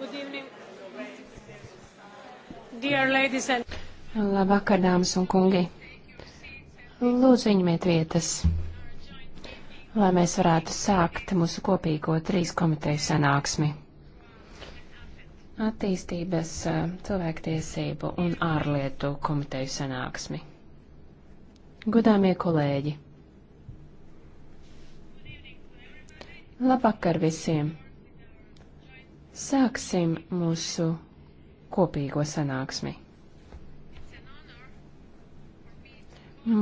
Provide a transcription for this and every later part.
Good evening. Dear ladies and... Labvakar, dāmas un kungi. Lūdzu, ņemiet vietas, lai mēs varētu sākt mūsu kopīgo trīs komiteju sanāksmi. Attīstības, eh, cilvēktiesību un ārlietu komiteju sanāksmi. Godāmie kolēģi! Labvakar visiem! Sāksim mūsu kopīgo sanāksmi.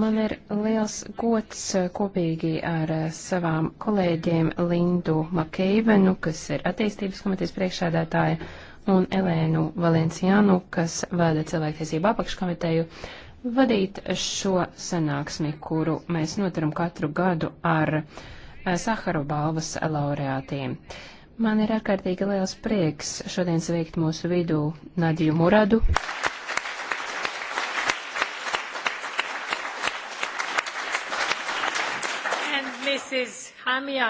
Man ir liels gods eh, kopīgi ar eh, savām kolēģiem Lindu Makeivenu, kas ir attīstības komitejas priekšsēdētāja, un Elēnu Valenciānu, kas vada cilvēktiesību apakškomiteju, vadīt šo sanāksmi, kuru mēs notaram katru gadu ar eh, Saharu balvas laureātiem. Uh, Man ir ārkārtīgi liels prieks šodien sveikt mūsu vidū Nadiju Muradu. Hamia,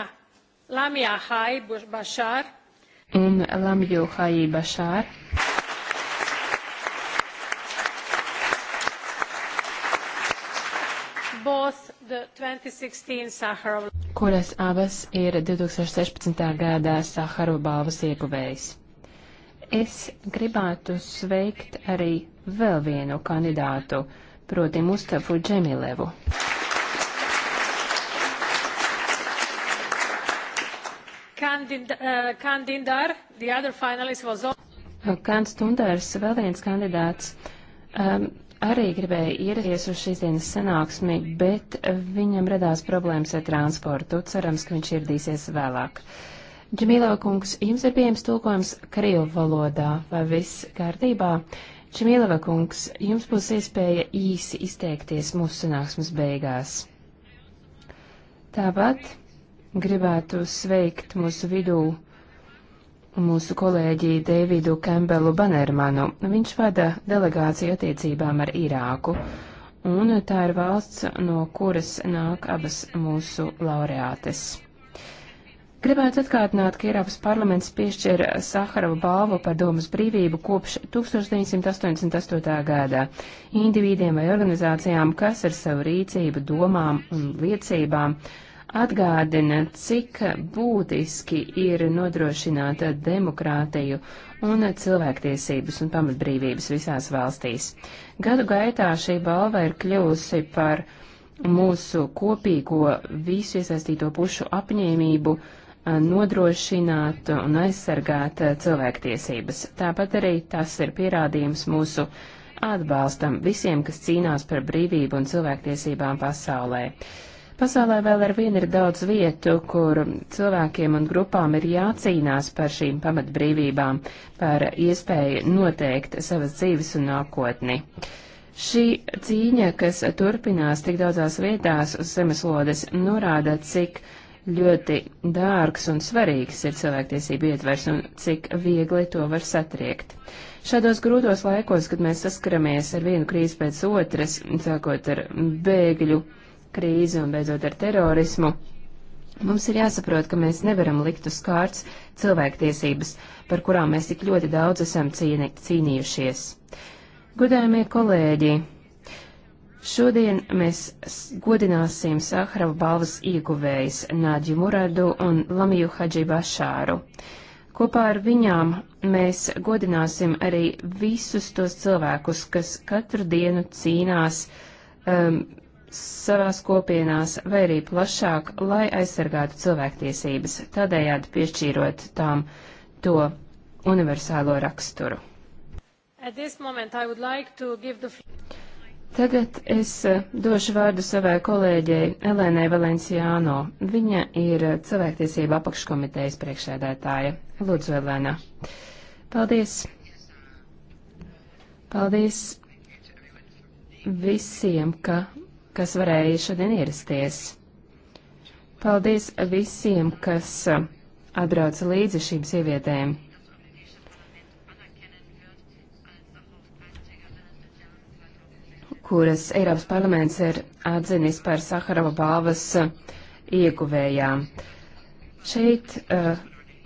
Lamia Hai Bashar. Un Lamju Hai Bashar. Both the 2016 Sakharov kuras abas ir 2016. gadā Saharu balvas ieguvējs. Es gribētu sveikt arī vēl vienu kandidātu, proti Mustafu Džemilevu. Kandid, uh, eh, Kandindar, the other finalist was... Kants Tundars, vēl viens kandidāts. Um, arī gribēja ierasties uz šīs dienas sanāksmi, bet viņam radās problēmas ar transportu. Cerams, ka viņš ieradīsies vēlāk. Džemīlo kungs, jums ir pieejams tulkojums Krievu valodā, vai viss kārtībā? Džemīlo kungs, jums būs iespēja īsi izteikties mūsu sanāksmes beigās. Tāpat gribētu sveikt mūsu vidū mūsu kolēģi Deividu Kembelu Banermanu. Viņš vada delegāciju attiecībām ar Irāku, un tā ir valsts, no kuras nāk abas mūsu laureātes. Gribētu atkārtināt, ka Eiropas parlaments piešķir Saharova balvu par domas brīvību kopš 1988. gadā individiem vai organizācijām, kas ar savu rīcību, domām un liecībām uh, atgādina, cik būtiski ir nodrošināt demokrātiju un cilvēktiesības un pamatbrīvības visās valstīs. Gadu gaitā šī balva ir kļuvusi par mūsu kopīgo visu iesaistīto pušu apņēmību nodrošināt un aizsargāt cilvēktiesības. Tāpat arī tas ir pierādījums mūsu atbalstam visiem, kas cīnās par brīvību un cilvēktiesībām pasaulē. Uh, Pasaulē vēl ar vienu ir daudz vietu, kur cilvēkiem un grupām ir jācīnās par šīm pamatbrīvībām, par iespēju noteikt savas dzīves un nākotni. Šī cīņa, kas turpinās tik daudzās vietās uz zemeslodes, norāda, cik ļoti dārgs un svarīgs ir cilvēktiesība ietvers un cik viegli to var satriekt. Šādos grūtos laikos, kad mēs saskaramies ar vienu krīzi pēc otras, sākot ar bēgļu krīzi un beidzot ar terorismu, mums ir jāsaprot, ka mēs nevaram likt uz kārts cilvēktiesības, par kurām mēs tik ļoti daudz esam cīni, cīnījušies. Gudējumie kolēģi, šodien mēs godināsim Sahara balvas ieguvējs Nāģi Muradu un Lamiju Hadži Bašāru. Kopā ar viņām mēs godināsim arī visus tos cilvēkus, kas katru dienu cīnās um, savās kopienās vai arī plašāk, lai aizsargātu cilvēktiesības, tādējādi piešķīrot tām to universālo raksturu. Like the... Tagad es eh, došu vārdu savai kolēģei Elēnai Valenciāno. Viņa ir eh, cilvēktiesība apakškomitejas priekšēdētāja. Lūdzu, Elēna. Paldies. Paldies visiem, ka kas varēja šodien ierasties. Paldies visiem, kas uh, atbrauca līdzi šīm sievietēm. kuras Eiropas parlaments ir atzinis par Saharova balvas uh, ieguvējām. Šeit uh,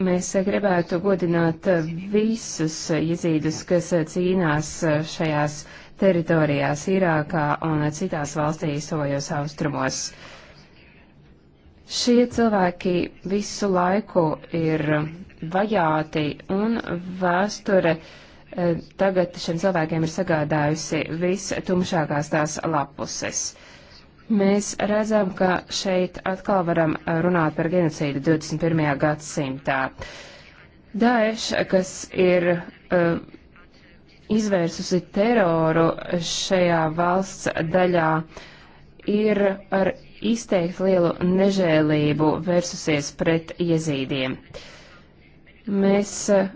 mēs gribētu godināt uh, visus jezīdus, kas cīnās šajās uh, teritorijās Irākā un citās valstīs tojos austrumos. Šie cilvēki visu laiku ir vajāti un vēsture eh, tagad šiem cilvēkiem ir sagādājusi vistumšākās tās lapuses. Mēs redzam, ka šeit atkal varam runāt par genocīdu 21. gadsimtā. Daesh, kas ir uh, izvērsusi teroru šajā valsts daļā, ir ar izteikti lielu nežēlību vērsusies pret iezīdiem. Mēs eh,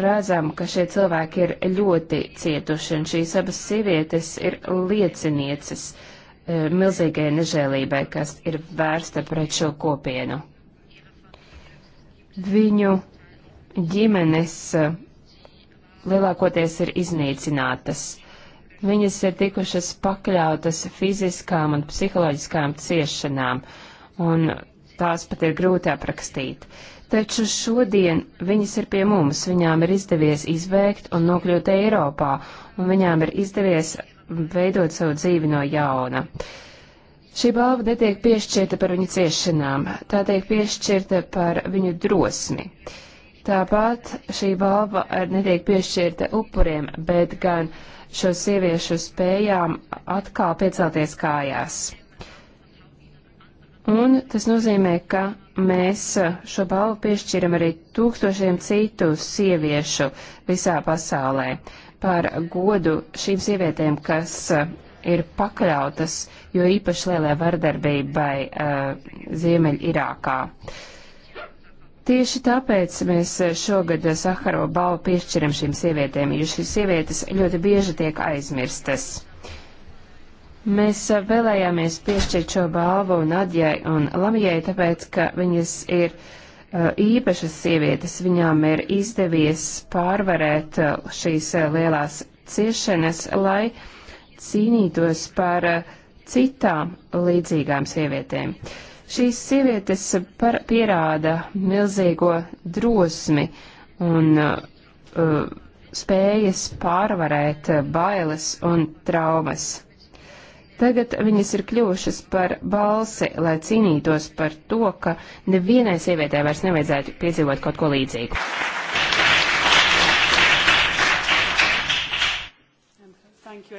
redzam, ka šie cilvēki ir ļoti cietuši, un šīs abas sievietes ir liecinieces eh, milzīgai nežēlībai, kas ir vērsta pret šo kopienu. Viņu ģimenes eh, lielākoties ir iznīcinātas. Viņas ir tikušas pakļautas fiziskām un psiholoģiskām ciešanām, un tās pat ir grūti aprakstīt. Taču šodien viņas ir pie mums, viņām ir izdevies izbēgt un nokļūt Eiropā, un viņām ir izdevies veidot savu dzīvi no jauna. Šī balva netiek piešķirta par viņu ciešanām, tā tiek piešķirta par viņu drosmi. Uh, Tāpat šī balva netiek piešķirta upuriem, bet gan šo sieviešu spējām atkal piecelties kājās. Un tas nozīmē, ka mēs šo balvu piešķiram arī tūkstošiem citu sieviešu visā pasaulē par godu šīm sievietēm, kas uh, ir pakļautas, jo īpaši lielai vardarbībai uh, Ziemeļ Irākā. Uh, Tieši tāpēc mēs šogad Saharo balvu piešķiram šīm sievietēm, jo šīs sievietes ļoti bieži tiek aizmirstas. Mēs vēlējāmies piešķirt šo balvu Nadjai un Lamijai, tāpēc, ka viņas ir uh, īpašas sievietes, viņām ir izdevies pārvarēt uh, šīs uh, lielās ciešanas, lai cīnītos par citām līdzīgām sievietēm. Uh, Šīs sievietes par, pierāda milzīgo drosmi un uh, spējas pārvarēt bailes un traumas. Tagad viņas ir kļuvušas par balsi, lai cīnītos par to, ka nevienai sievietē vairs nevajadzētu piedzīvot kaut ko līdzīgu.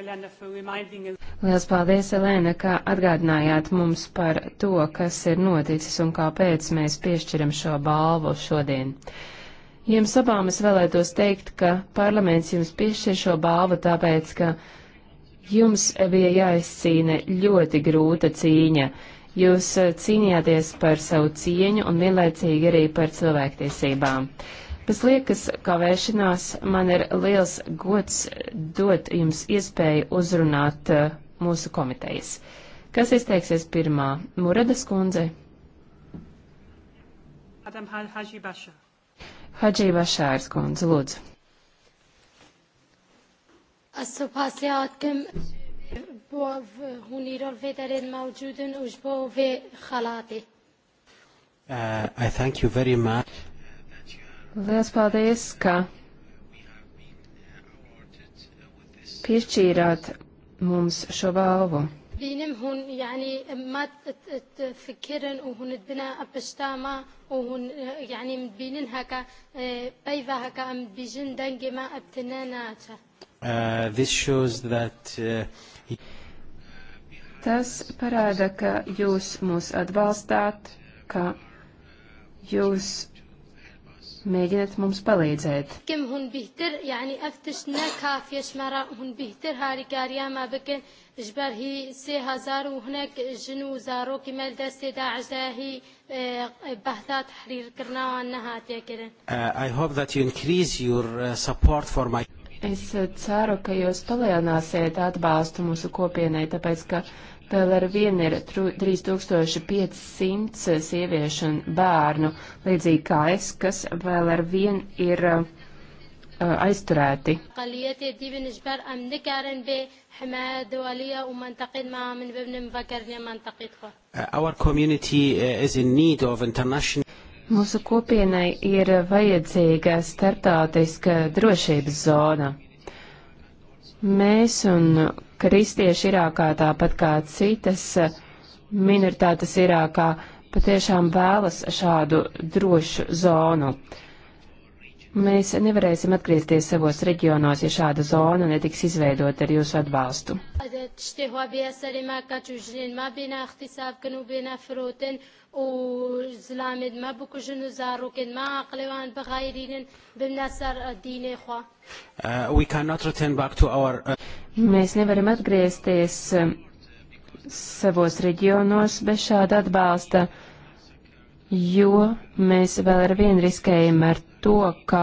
Lielas paldies, Elēna, ka atgādinājāt mums par to, kas ir noticis un kāpēc mēs piešķiram šo balvu šodien. Jums abām es vēlētos teikt, ka parlaments jums piešķir šo balvu tāpēc, ka jums bija jāizcīna ļoti grūta cīņa. Jūs cīnījāties par savu cieņu un vienlaicīgi arī par cilvēktiesībām. Bez liekas kavēšanās man ir liels gods dot jums iespēju uzrunāt uh, mūsu komitejas. Kas izteiksies pirmā? Muredas kundze. Hadži Bašārs kundze, lūdzu. بۆ هونیرۆل vê دەرێن ماوجودن وش بۆ vê خەڵاتی I thank you very much. Liels paldies, ka piešķīrāt mums šo balvu. بينمهن يعني ما تفكرن وهن بناء بشتاما وهن يعني مبينن هكا بيفا هكا ام بيجن دنجي ما ابتناناتا Uh, this shows that, uh, it... Tas parāda, ka jūs mūs atbalstāt, ka jūs mēģiniet mums palīdzēt. إجبار هي سي هزار وهناك جنو زارو كما دستي داعش هي بحثات تحرير كرنا وانها تيكرن I hope that you increase your uh, support for my Es uh, ceru, ka jūs palielināsiet atbalstu mūsu kopienai, tāpēc, ka uh, Vēl ar vienu ir 3500 sieviešu un bērnu, līdzīgi kā es, kas vēl ar vienu ir uh, aizturēti. Uh, uh, Mūsu kopienai ir vajadzīga starptautiska drošības zona. Mēs un kristieši Irākā, tāpat kā citas minoritātes Irākā, patiešām vēlas šādu drošu zonu. Uh, Mēs nevarēsim atgriezties savos reģionos, ja šāda zona netiks izveidota ar jūsu atbalstu. وزلامد ما بكوجن زاروكن ما عقلوان بغايرين بمنصر الدين خوا we cannot return back to our uh... mēs nevaram atgriezties um, savos reģionos bez šāda atbalsta jo mēs vēl ar vienu riskējam ar to, ka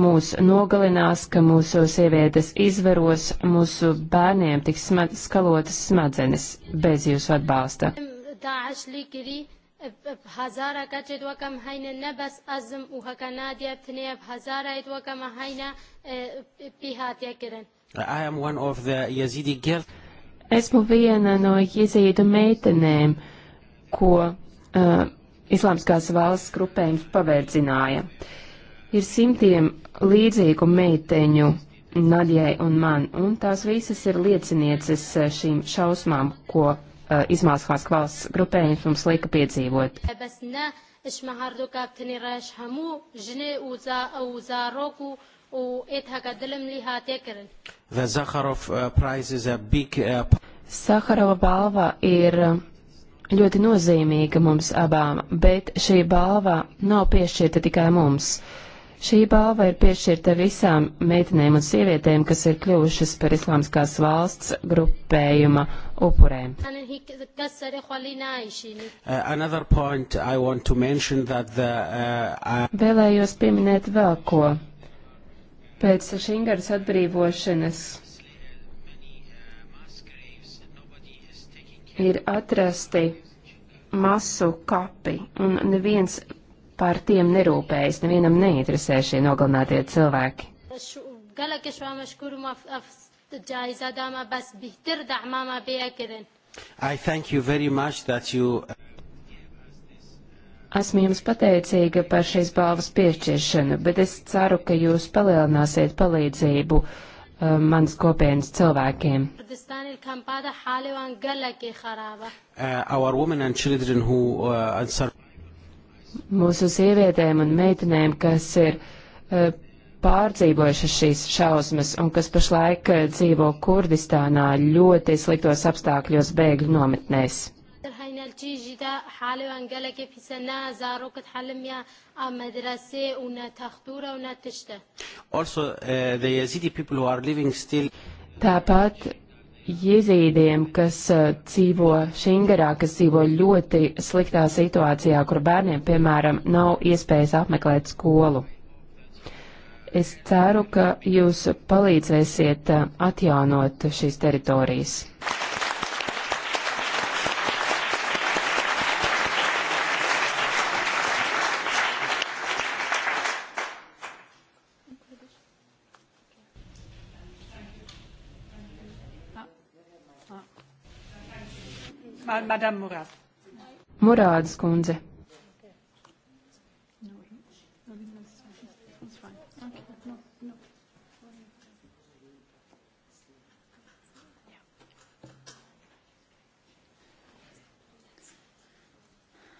mūs nogalinās, ka mūsu sievietes izveros, mūsu bērniem tiks smad skalotas smadzenes bez jūsu atbalsta. بهزارة كتد وكم هينا نبس أزم وهكناديا بتنيا بهزارة وكم هينا بيهات يكرن I am one of the Yazidi girls. Esmu viena no jezīdu meitenēm, ko uh, islāmskās valsts grupējums pavērdzināja. Uh, Ir simtiem līdzīgu meiteņu Nadjai un man, un tās visas ir liecinieces eh, šīm šausmām, ko uh, izmāskās valsts grupējums mums lika piedzīvot. The Zakharov uh, prize is a big uh, Saharova balva ir eh, ļoti nozīmīga mums abām, bet šī balva nav piešķirta tikai mums. Šī balva ir piešķirta visām meitenēm un sievietēm, kas ir kļuvušas par islāmskās valsts grupējuma upurēm. Uh, uh, Vēlējos pieminēt vēl ko. Pēc Šingaras atbrīvošanas ir atrasti masu kapi, un neviens par tiem nerūpējas, nevienam neinteresē šie nogalinātie cilvēki. You... Esmu jums pateicīga par šīs balvas piešķiršanu, bet es ceru, ka jūs palielināsiet palīdzību uh, manas kopienas cilvēkiem. Uh, mūsu sievietēm un meitenēm, kas ir uh, pārdzīvojušas šīs šausmas un kas pašlaik uh, dzīvo Kurdistānā ļoti sliktos apstākļos bēgļu nometnēs. Also, uh, Tāpat jezīdiem, kas dzīvo Šingarā, kas dzīvo ļoti sliktā situācijā, kur bērniem, piemēram, nav iespējas apmeklēt skolu. Es ceru, ka jūs palīdzēsiet atjaunot šīs teritorijas. Madame Murad. Murādas kundze.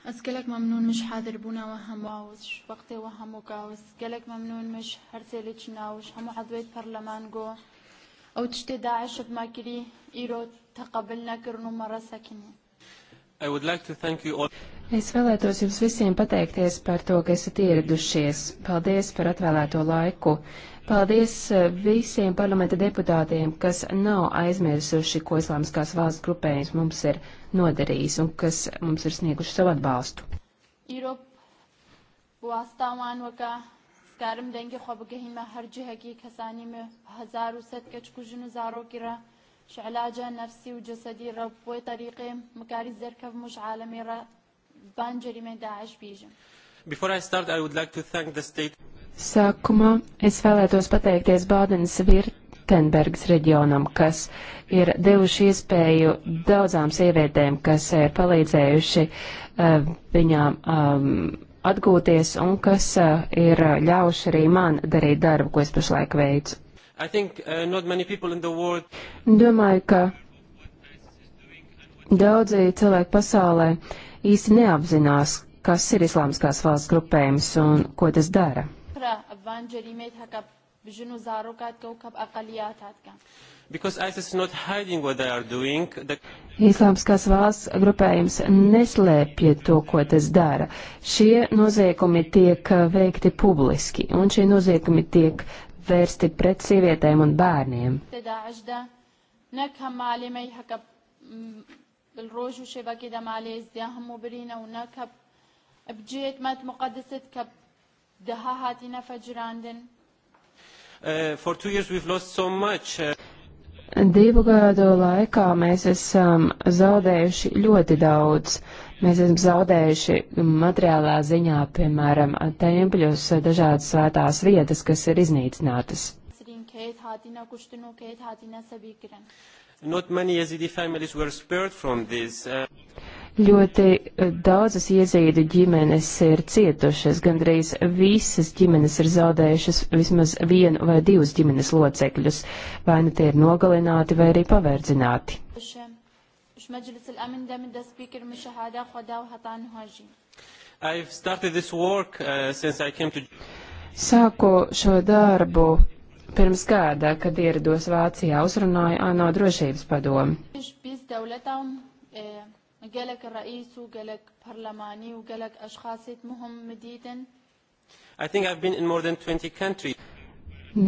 أسكلك ممنون مش حاضر بونا وهم واوش وقتي وهم وكاوس أسكلك ممنون مش هرسلك ناوش همو عضويت برلمان جو أو تشتي داعش بماكري إيرو تقبلنا كرنو مرة ساكنين Like es vēlētos jums visiem pateikties par to, ka esat ieradušies. Paldies par atvēlēto laiku. Paldies eh, visiem parlamenta deputātiem, kas nav aizmirsuši, ko islāmskās valsts grupējums mums ir nodarījis un kas mums ir snieguši savu atbalstu. Europe, کارم دنگ خواب گهیم هر جهه که کسانی مه هزار و ست کچ کجن زارو کرا شعلاجة نفسي وجسدي رب وطريقي مكاري زركب مش عالمي رب بانجري من داعش بيجم Before I start, I would like to thank the state. Sākumā es vēlētos pateikties Bādenes Virtenbergas reģionam, kas ir devuši iespēju daudzām sievietēm, kas ir palīdzējuši uh, viņām um, atgūties un kas uh, ir ļauši arī man darīt darbu, ko es pašlaik veicu. I think uh, not many people in the world. Domāju, ka daudzi cilvēki pasaulē īsti neapzinās, kas ir islāmskās valsts grupējums un ko tas dara. The... Islāmskās valsts grupējums neslēpja to, ko tas dara. Šie noziegumi tiek uh, veikti publiski, un šie noziegumi tiek vērsti pret sievietēm un bērniem. بالروج وشبكة دم عليه ازدهم وبرينا ونكب بجيت مات مقدسة كب دها هاتينا فجراندن. Uh, for two years we've lost so much. Uh... Divu gadu laikā mēs esam zaudējuši ļoti daudz. Mēs esam zaudējuši materiālā ziņā, piemēram, tempļus, dažādas svētās vietas, kas ir iznīcinātas. Nu Not many Yazidi families were spared from this. Uh... Ļoti eh, daudzas iezīdu ģimenes ir cietušas, gandrīz visas ģimenes ir zaudējušas vismaz vienu vai divus ģimenes locekļus, vai nu tie ir nogalināti vai arī pavērdzināti. Work, uh, to... Sāku šo darbu pirms gada, kad ierados Vācijā, uzrunāju ANO drošības padomu. قالك رئيس وقالك برلماني وقالك أشخاص مهم مديدا I think I've been in more than 20 countries.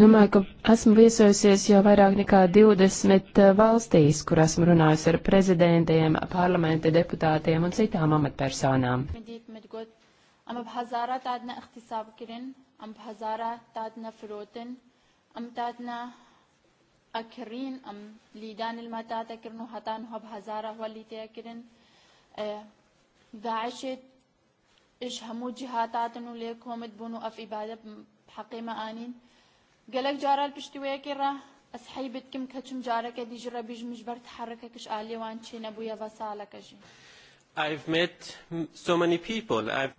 Domāju, ka esmu viesojusies jau vairāk nekā 20 eh, valstīs, kur esmu runājusi ar prezidentiem, parlamenta deputātiem un citām amatpersonām. أكرين أم ليدان المتاتا كرنو هتان هب هزارة هو اللي تأكرن داعش ايش همو جهاتات انه ليك هم تبونوا اف اباده بحقي ما انين قالك جارا البشتويه كرا اسحيبت كم كتم جارك دي جرا بيج مجبر تحركك اش علي وان تشين ابويا بسالك اجي I've met so many people. I've...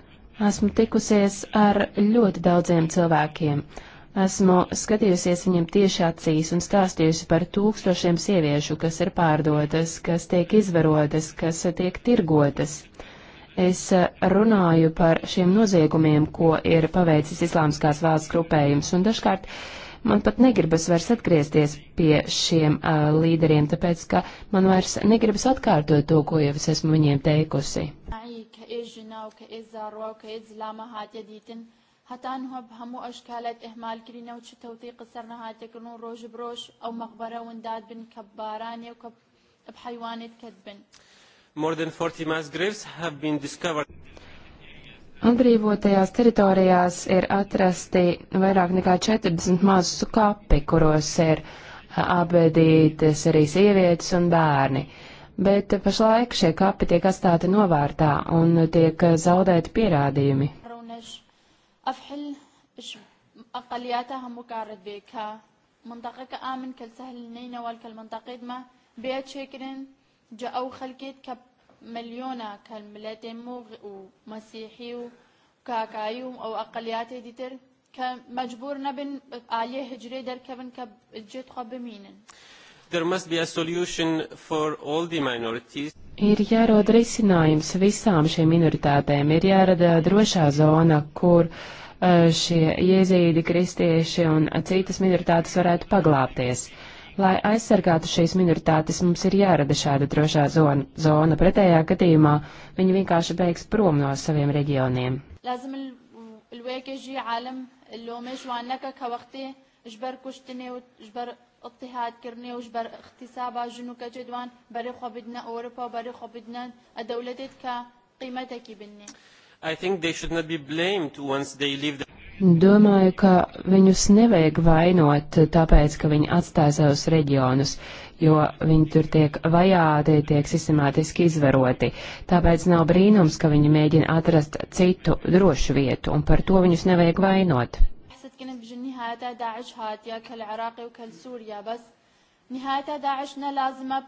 Esmu tikusies ar ļoti daudziem cilvēkiem. Uh, Esmu skatījusies viņam tieši acīs un stāstījusi par tūkstošiem sieviešu, kas ir pārdotas, kas tiek izvarotas, kas tiek tirgotas. Es eh, runāju par šiem noziegumiem, ko ir paveicis islāmskās valsts grupējums, un dažkārt man pat negribas vairs atgriezties pie šiem uh, līderiem, tāpēc, ka man vairs negribas atkārtot to, ko jau es esmu viņiem teikusi. Ai, ka izžinau, ka izzāro, ka هەتان هەب هەموو ئەشکالەت ئەحمالکردینە و چ تەوتیق سەر نەهاتێکردن و ڕۆژ برۆژ ئەو مەقبەرە ونداد بن کە بارانێ و کە بحیوانێت کەت بن. More than 40 mass graves have been discovered. Atbrīvotajās teritorijās ir atrasti vairāk nekā 40 mazu kapi, kuros ir apbedītas arī sievietes un bērni. Bet pašlaik šie kapi tiek atstāti novārtā un tiek zaudēti pierādījumi. أفحل أقلياتها مكارد بيكا منطقة كآمن كل سهل نينا والكل منطقة ما بيت شكرن جاءوا خلقت كب مليونة كالملاتين مو ومسيحي وكاكايوم أو أقليات ديتر كمجبور نبن آلية هجري دركبن كب الجيت قب مينن there must be a solution for all the minorities. Ir jārod risinājums visām šīm minoritātēm, ir jārada drošā zona, kur uh, šie jezīdi, kristieši un citas minoritātes varētu paglāpties. Lai aizsargātu šīs minoritātes, mums ir jārada šāda drošā zona, zona. pretējā gadījumā viņi vienkārši beigs prom no saviem reģioniem. Lazim, اضطهادکردنێ وش بەر اقتصابا ژن و کەچێ دوان بەرێ خۆ بدنە ئەوروپا و بەرێ خۆ بدنەن دەولەتێت کە قیمەتێکی بنێ. I think they should not be blamed once they leave the Domāju, ka viņus nevajag vainot tāpēc, ka viņi atstāja savus reģionus, jo viņi tur tiek vajāti, tiek sistemātiski izvaroti. Tāpēc nav brīnums, ka viņi mēģina atrast citu drošu vietu, un par to viņus nevajag vainot. نهايتها داعش هاتية كالعراقي وكالسوريا بس نهايتها داعشنا لازمة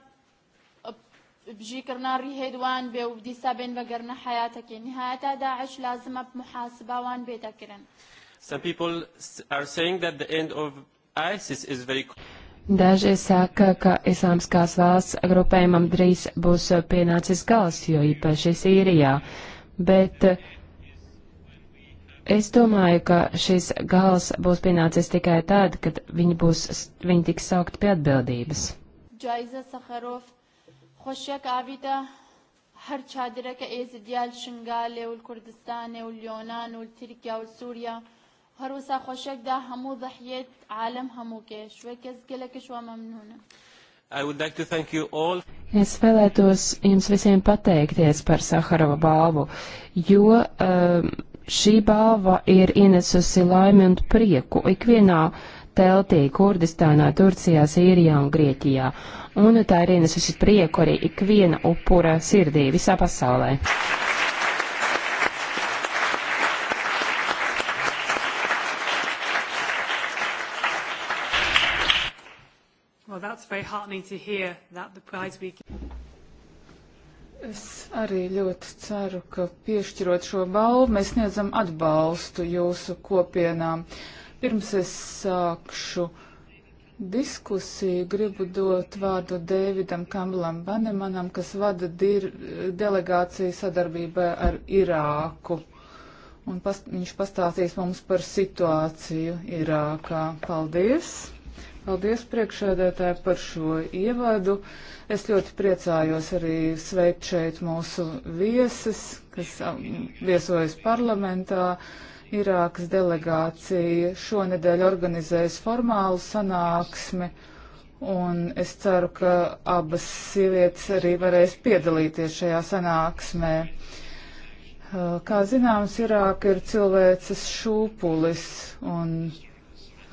بجي كرنا ريهدوان بي وديسا بين بقرنا حياتك نهايتها داعش لازمة بمحاسبة وان بيتكرن Some people are saying that the end of ISIS is very Daži saka, ka islāmskās valsts grupējumam drīz būs pienācis gals, jo īpaši Sīrijā, bet uh, Es domāju, ka šis gals būs pienācis tikai tad, kad viņi, būs, viņi tiks saukt pie atbildības. Džaiza Saharov, Hošek Avida, هر چادره که ایز دیال شنگاله و کردستان و لیونان و ترکیه و سوریا هر وسا خوشک ده همو ضحیت عالم همو کش و کس گلکش و ممنونه. Like es vēlētos jums visiem pateikties par Saharova balvu, jo um, Šī balva ir ienesusi laimi un prieku ikvienā teltī Kurdistānā, Turcijā, Sīrijā un Grieķijā. Un tā ir ienesusi prieku arī ikviena upura sirdī visā pasaulē. Well, that's very heartening to hear that the prize we Es arī ļoti ceru, ka piešķirot šo balvu, mēs sniedzam atbalstu jūsu kopienām. Pirms es sākšu diskusiju, gribu dot vārdu Dēvidam Kamlam Banemanam, kas vada dir, delegāciju sadarbībā ar Irāku. Un past, viņš pastāstīs mums par situāciju Irākā. Paldies! Paldies priekšēdētāji par šo ievadu. Es ļoti priecājos arī sveikt šeit mūsu viesis, kas um, viesojas parlamentā. Irākas delegācija šonedēļ organizēs formālu sanāksmi, un es ceru, ka abas sievietes arī varēs piedalīties šajā sanāksmē. Uh, kā zināms, Irāka ir cilvēces šūpulis, un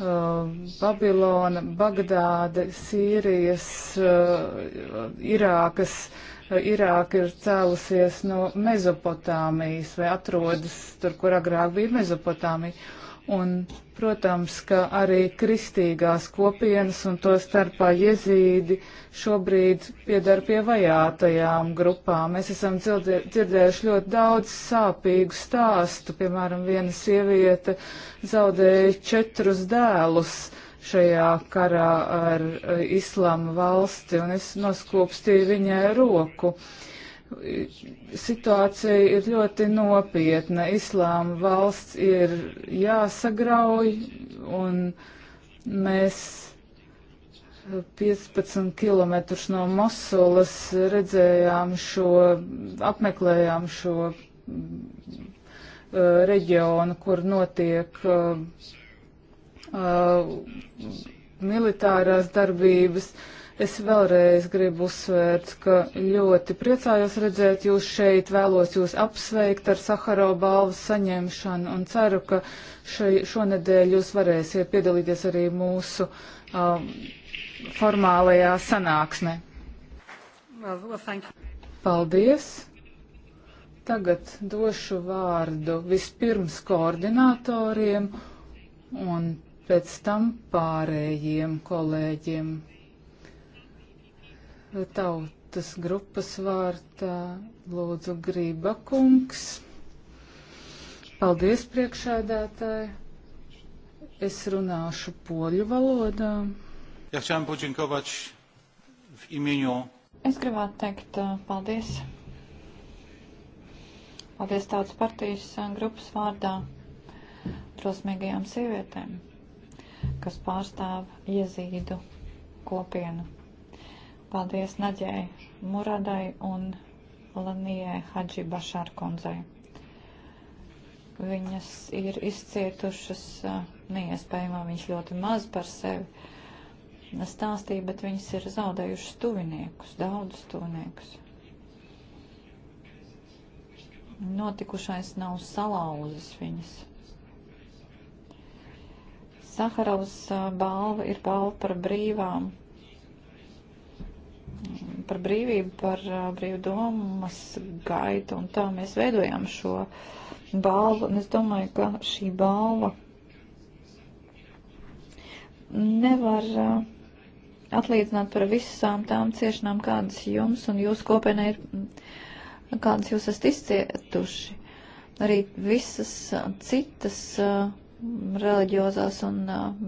Uh, Babilona, Bagdāda, Sīrijas, uh, Irākas. Uh, Irāka ir cēlusies no Mezopotāmijas vai atrodas tur, kur agrāk bija Mezopotāmija. Un, protams, ka arī kristīgās kopienas un to starpā jezīdi šobrīd piedar pie vajātajām grupām. Mēs esam dzirdējuši ļoti daudz sāpīgu stāstu. Piemēram, viena sieviete zaudēja četrus dēlus šajā karā ar eh, islāma valsti, un es noskopstīju viņai roku. Uh, situācija ir ļoti nopietna. Islāma valsts ir jāsagrauj un mēs 15 km no Mosulas redzējām šo, apmeklējām šo uh, reģionu, kur notiek uh, uh, militārās darbības. Uh, Es vēlreiz gribu uzsvērt, ka ļoti priecājos redzēt jūs šeit, vēlos jūs apsveikt ar Saharo balvas saņemšanu un ceru, ka šai, šonedēļ jūs varēsiet piedalīties arī mūsu um, formālajā sanāksmē. Well, well, Paldies! Tagad došu vārdu vispirms koordinatoriem un pēc tam pārējiem kolēģiem tautas grupas vārtā lūdzu Grība kungs. Paldies priekšēdētāji. Es runāšu poļu valodā. Ja chciałem podziękować w imieniu. Es gribētu teikt uh, paldies. Paldies tautas partijas uh, grupas vārdā drosmīgajām sievietēm, kas pārstāv iezīdu kopienu. Paldies Naģai Muradai un Lanijai Hadži Bašār kundzei. Viņas ir izcietušas eh, neiespējamā, viņš ļoti maz par sevi stāstīja, bet viņas ir zaudējušas tuviniekus, daudz tuviniekus. Notikušais nav salauzis viņas. Saharovs eh, balva ir balva par brīvām par brīvību, par brīvu domas gaitu, un tā mēs veidojām šo balvu, un es domāju, ka šī balva nevar atliecināt par visām tām ciešanām, kādas jums un jūsu kopienai ir, kādas jūs esat izcietuši. Arī visas citas reliģiozās un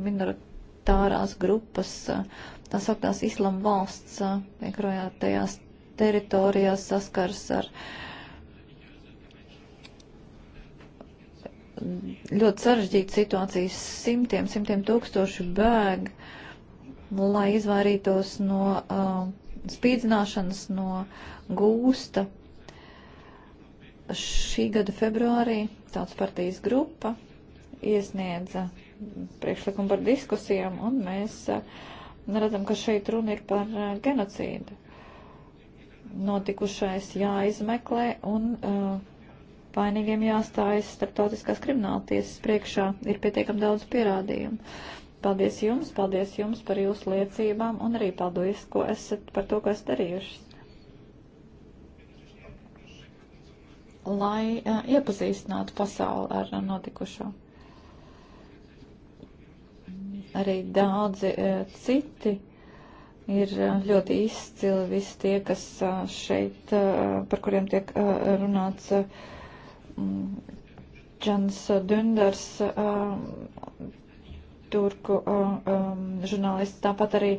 minoritārās grupas uh, tā sauktās islama valsts piekrojātajās teritorijās saskars ar ļoti sarežģītu situāciju. Simtiem, simtiem tūkstoši bēg, lai izvairītos no uh, spīdzināšanas, no gūsta. Šī gada februārī tāds partijas grupa iesniedza priekšlikumu par diskusijām, un mēs uh, redzam, ka šeit runa ir par eh, genocīdu. Notikušais jāizmeklē un uh, vainīgiem jāstājas starptautiskās krimināla tiesas priekšā. Ir pietiekami daudz pierādījumu. Paldies jums, paldies jums par jūsu liecībām un arī paldies, ko esat par to, ko esat darījuši. Lai uh, iepazīstinātu pasauli ar notikušo arī daudzi e, citi ir e, ļoti izcili visi tie, kas e, šeit, par kuriem tiek runāts Džans mm, Dundars, turku žurnālists, tāpat arī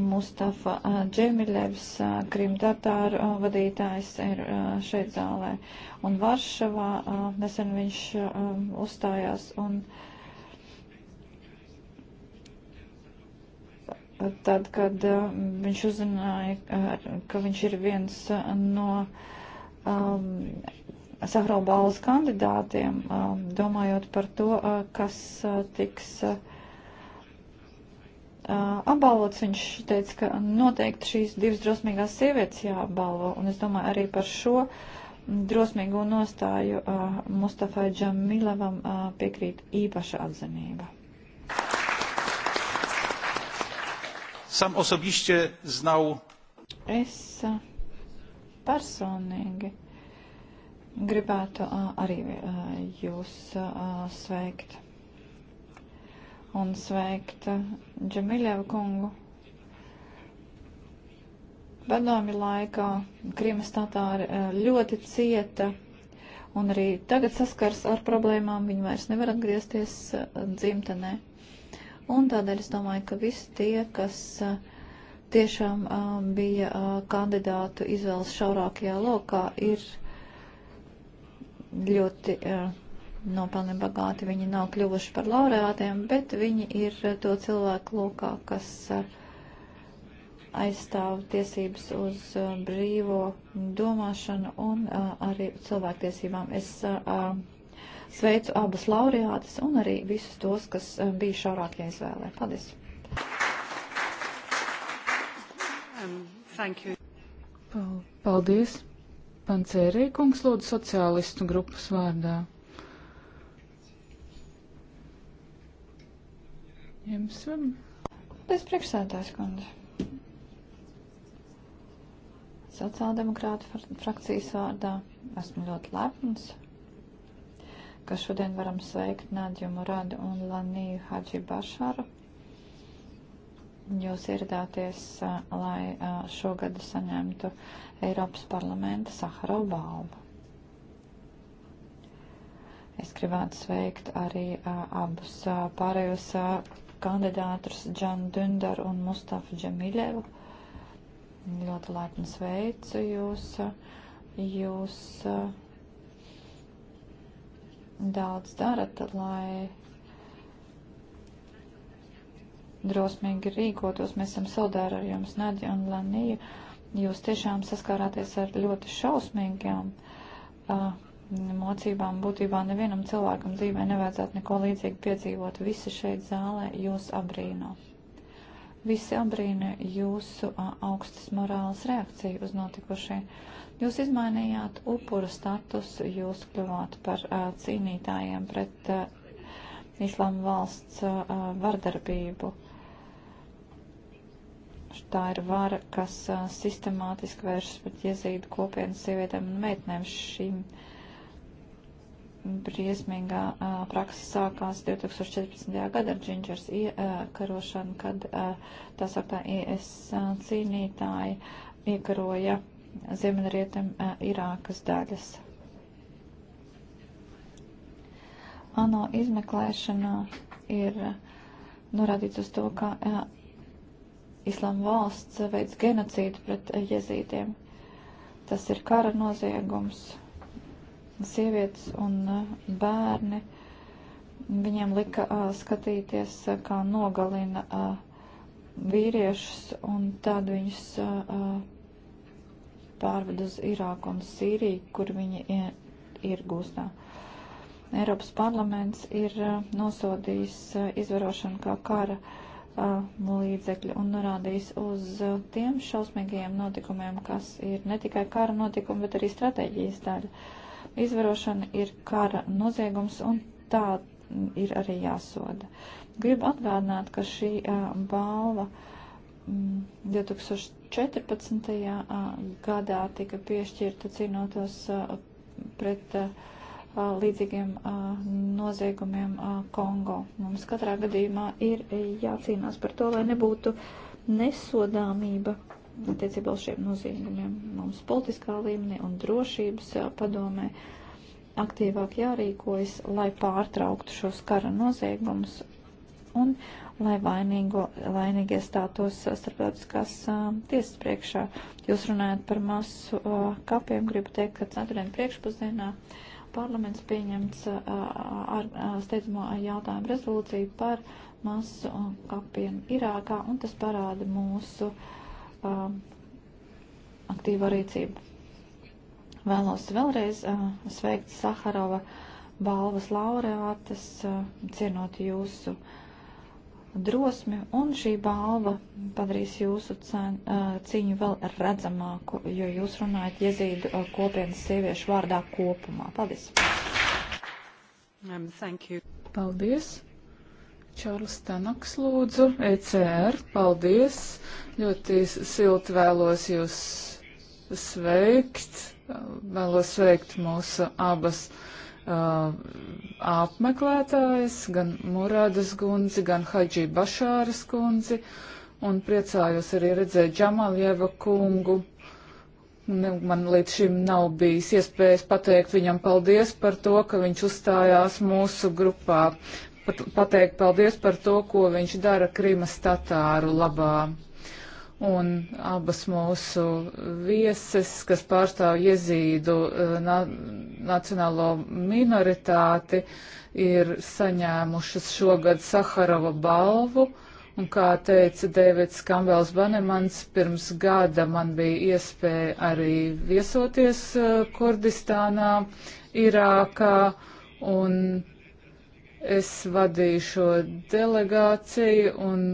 Mustafa Džemilevs, Krimtatāru vadītājs, ir šeit zālē. Un Varšavā nesen viņš uzstājās un. Uh, tad, kad uh, viņš uzzināja, ka viņš ir viens uh, no um, Sahara balvas kandidātiem, um, domājot par to, uh, kas tiks uh, apbalvots, viņš teica, ka noteikti šīs divas drosmīgās sievietes jāapbalvo. Un es domāju arī par šo drosmīgo nostāju uh, Mustafai Džamilevam uh, piekrīt īpaša atzinība. Sam osobiście znał. Es e, personīgi gribētu e, arī e, jūs sveikt. Un sveikt Džemiļevu kungu. Padomju laikā Krimas tatāri ļoti cieta un arī tagad saskars ar problēmām. Viņi vairs nevar atgriezties dzimtenē. Un tādēļ es domāju, ka visi tie, kas tiešām bija kandidātu izvēles šaurākajā lokā, ir ļoti nopelni bagāti. Viņi nav kļuvuši par laureātiem, bet viņi ir to cilvēku lokā, kas aizstāv tiesības uz brīvo domāšanu un arī cilvēktiesībām. Es Sveicu abas laureātes un arī visus tos, kas eh, bija šaurākajā izvēlē. Paldies! Um, Paldies! Pancērī kungs lūdzu sociālistu grupas vārdā. Jums vēl? Paldies, priekšsētājs kundze. Sociāldemokrāta frakcijas vārdā esmu ļoti lepns ka šodien varam sveikt Nadju Muradu un Laniju Hadži Bašaru. Jūs ieradāties, lai šogad saņemtu Eiropas parlamenta Saharov balvu. Es gribētu sveikt arī abus pārējos kandidātus Džanu Dundaru un Mustafu Džemiļevu. Ļoti laipni sveicu jūs. Jūs uh, daudz darat, lai drosmīgi rīkotos. Mēs esam solidāri ar jums, Nadja un Lanija. Jūs tiešām saskārāties ar ļoti šausmīgām uh, mocībām. Būtībā nevienam cilvēkam dzīvē nevajadzētu neko līdzīgu piedzīvot. Visi šeit zālē jūs abrīno. Visi apbrīna jūsu augstas morāles reakciju uz notikušie. Jūs izmainījāt upura statusu, jūs kļuvāt par uh, cīnītājiem pret uh, islāma valsts uh, vardarbību. Tā ir vara, kas uh, sistemātiski vēršas pret iezīdu kopienas sievietēm un meitnēm. Šīm uh, briesmīgā praksa sākās 2014. gada ar džinčers iekarošanu, kad tā sauktā IS e cīnītāji iekaroja Ziemeļrietam Irākas daļas. ANO izmeklēšanā ir norādīts uz to, ka Islāma valsts veids genocīdu pret jezīdiem. Tas ir kara noziegums sievietes un eh, bērni. Viņiem lika eh, skatīties, eh, kā nogalina vīriešus, un tad viņus pārved uz Irāku un Sīriju, kur viņi ir gūstā. Eiropas parlaments ir nosodījis izvarošanu kā kara līdzekļu un norādījis uz tiem šausmīgajiem notikumiem, kas ir ne tikai kara notikumi, bet arī stratēģijas daļa. Izvarošana ir kara noziegums un tā ir arī jāsoda. Gribu atgādināt, ka šī balva 2014. Mm, gadā tika piešķirta cīnotos pret līdzīgiem noziegumiem Kongo. Mums katrā gadījumā ir jācīnās par to, lai nebūtu nesodāmība attiecībā uz šiem noziegumiem mums politiskā līmenī un drošības eh, padomē aktīvāk jārīkojas, lai pārtrauktu šos kara noziegumus un lai vainīgo, vainīgie stātos starptautiskās eh, tiesas priekšā. Jūs runājat par masu a, eh, kapiem, gribu teikt, ka ceturtdien priekšpusdienā parlaments pieņemts a, ar a, steidzamo jautājumu rezolūciju par masu kapiem Irākā, un tas parāda mūsu uh, uh, aktīvo rīcību. Vēlos vēlreiz uh, sveikt Saharova balvas laureātes, uh, cienot jūsu drosmi, un šī balva padarīs jūsu cen, uh, cīņu vēl redzamāku, jo jūs runājat jezīdu uh, kopienas sieviešu vārdā kopumā. Paldies! Um, thank you. Paldies! Čārlis Tanaks lūdzu, ECR, paldies. Ļoti silti vēlos jūs sveikt. Vēlos sveikt mūsu abas uh, apmeklētājas, gan Murādas kundzi, gan Haģī Bašāras kundzi. Un priecājos arī redzēt Džamalieva kungu. Man līdz šim nav bijis iespējas pateikt viņam paldies par to, ka viņš uzstājās mūsu grupā pat, pateikt paldies par to, ko viņš dara Krimas tatāru labā. Un abas mūsu vieses, kas pārstāv jezīdu eh, na, nacionālo minoritāti, ir saņēmušas šogad Saharova balvu. Un kā teica Dēvids Kambels Banemans, pirms gada man bija iespēja arī viesoties eh, Kurdistānā, Irākā, un Es vadīju šo delegāciju un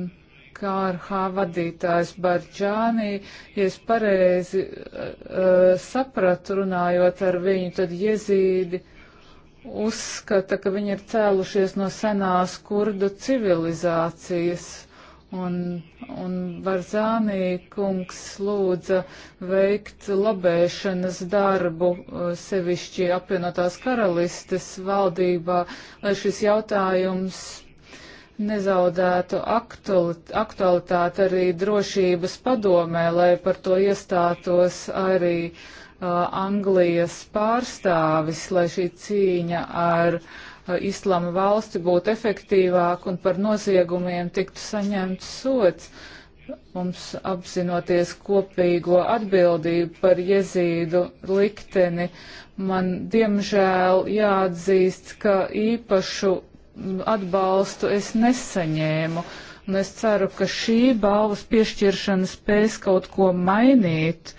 kā ar H vadītājs Barģānī, ja es pareizi uh, sapratu runājot ar viņu, tad jezīdi uzskata, ka viņi ir cēlušies no senās kurdu civilizācijas Un, un Barzānī kungs lūdza veikt lobēšanas darbu uh, sevišķi apvienotās karalistes valdībā, lai šis jautājums nezaudētu aktualitāti arī drošības padomē, lai par to iestātos arī uh, Anglijas pārstāvis, lai šī cīņa ar uh, Eh, islama valsti būtu efektīvāk un par noziegumiem tiktu saņemts sots. Mums apzinoties kopīgo atbildību par jezīdu likteni, man diemžēl jāatzīst, ka īpašu atbalstu es nesaņēmu. Uh, un es ceru, ka šī balvas piešķiršana spēs kaut ko mainīt,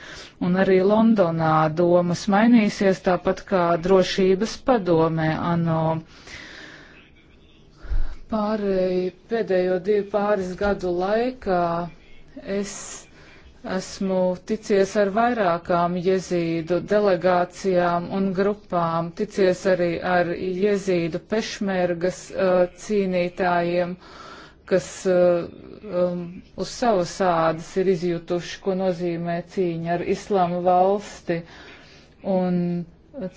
un arī Londonā domas mainīsies tāpat kā drošības padomē ANO. Pārēj, pēdējo divu pāris gadu laikā es esmu ticies ar vairākām jezīdu delegācijām un grupām, ticies arī ar jezīdu pešmergas uh, cīnītājiem. Uh, kas uh, um, uz savas ādas ir izjutuši, ko nozīmē cīņa ar islāma valsti, un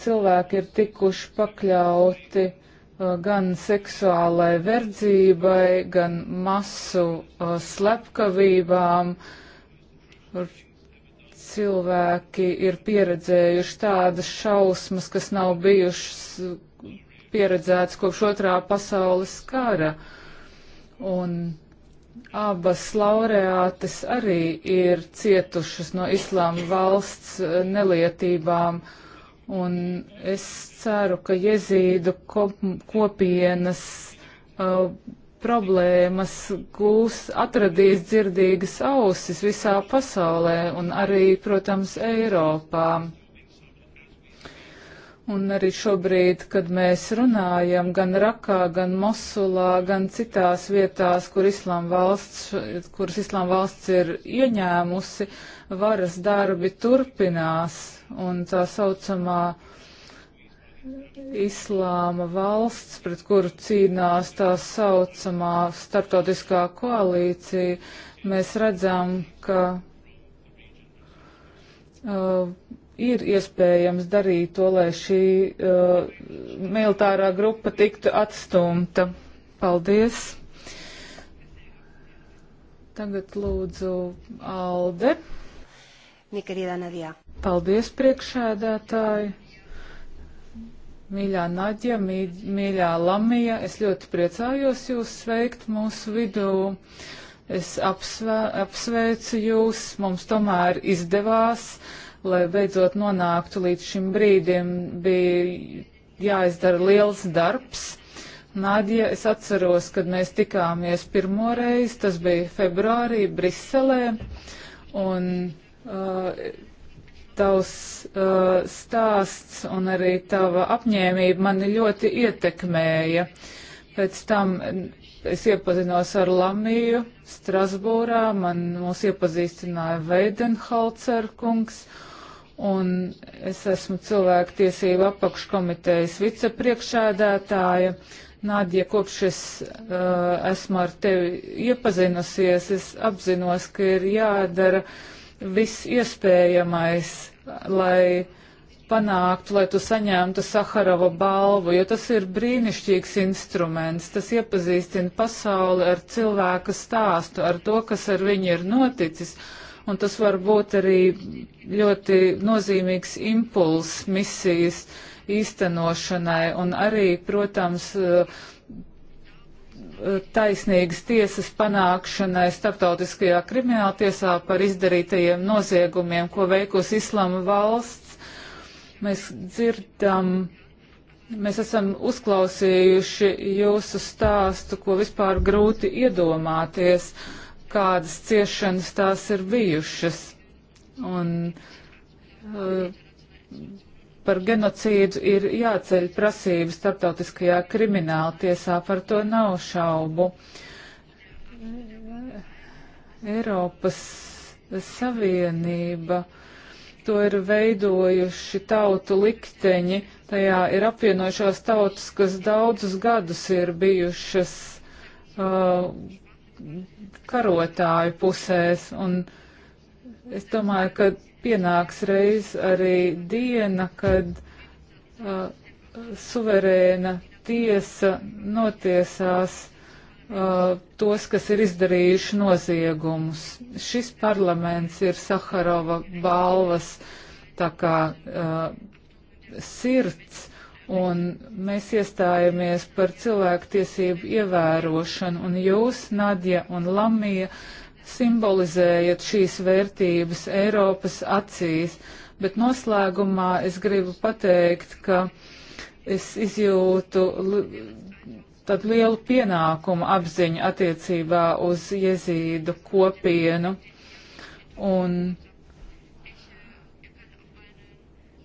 cilvēki ir tikuši pakļauti uh, gan seksuālai verdzībai, gan masu uh, slepkavībām. Cilvēki ir pieredzējuši tādas šausmas, kas nav bijušas pieredzētas kopš otrā pasaules kara. Uh, un abas laureātes arī ir cietušas no islāma valsts eh, nelietībām, un es ceru, ka jezīdu kopienas uh, problēmas gūs, atradīs dzirdīgas ausis visā pasaulē un arī, protams, Eiropā. Un arī šobrīd, kad mēs runājam gan Rakā, gan Mosulā, gan citās vietās, kur islām valsts, kuras islām valsts ir ieņēmusi, varas darbi turpinās un tā saucamā islāma valsts, pret kuru cīnās tā saucamā starptautiskā koalīcija, mēs redzam, ka uh, ir iespējams darīt to, lai šī uh, militārā grupa tiktu atstumta. Paldies! Tagad lūdzu Alde. Nikarīdā Nadijā. Paldies, priekšēdētāji! Mīļā Nadja, mī, mīļā Lamija, es ļoti priecājos jūs sveikt mūsu vidū. Es apsvē, apsveicu jūs, mums tomēr izdevās uh, lai beidzot nonāktu līdz šim brīdim, bija jāizdara liels darbs. Nādija, es atceros, kad mēs tikāmies pirmo reizi, tas bija februārī Briselē, un uh, tavs uh, stāsts un arī tava apņēmība mani ļoti ietekmēja. Pēc tam mm, es iepazinos ar Lamiju Strasbūrā, man mūs iepazīstināja Veidenhalcer kungs. Uh, un es esmu cilvēku tiesību apakškomitejas vicepriekšēdētāja. Nādja, kopš es uh, esmu ar tevi iepazinusies, es apzinos, ka ir jādara viss iespējamais, lai panāktu, lai tu saņemtu Saharova balvu, jo tas ir brīnišķīgs instruments, tas iepazīstina pasauli ar cilvēka stāstu, ar to, kas ar viņu ir noticis. Uh, un tas var būt arī ļoti nozīmīgs impuls misijas īstenošanai un arī, protams, eh, taisnīgas tiesas panākšanai starptautiskajā krimināla tiesā par izdarītajiem noziegumiem, ko veikusi Islama valsts. Mēs dzirdam, mēs esam uzklausījuši jūsu stāstu, ko vispār grūti iedomāties. Uh, kādas ciešanas tās ir bijušas. Un uh, par genocīdu ir jāceļ prasības starptautiskajā krimināla tiesā, par to nav šaubu. Eiropas Savienība to ir veidojuši tautu likteņi, tajā ir apvienojušās tautas, kas daudzus gadus ir bijušas uh, karotāju pusēs. Un es domāju, ka pienāks reiz arī diena, kad uh, suverēna tiesa notiesās uh, tos, kas ir izdarījuši noziegumus. Šis parlaments ir Saharova balvas tā kā uh, sirds un mēs iestājamies par cilvēktiesību ievērošanu, un jūs, Nadja un Lamija, simbolizējat šīs vērtības Eiropas acīs, bet noslēgumā es gribu pateikt, ka es izjūtu tad lielu pienākumu apziņu attiecībā uz jezīdu kopienu. Un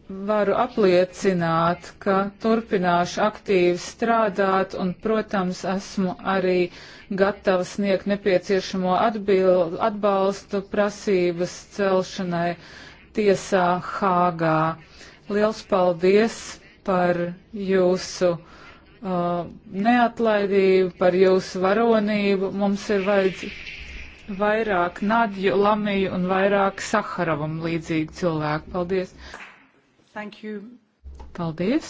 varu apliecināt, ka turpināšu aktīvi strādāt un, protams, esmu arī gatava sniegt nepieciešamo atbil, atbalstu prasības celšanai tiesā Hāgā. Liels paldies par jūsu uh, neatlaidību, par jūsu varonību. Mums ir vajadz vairāk Nadju, Lamiju un vairāk Saharavam līdzīgi cilvēku. Paldies! Thank you. Paldies.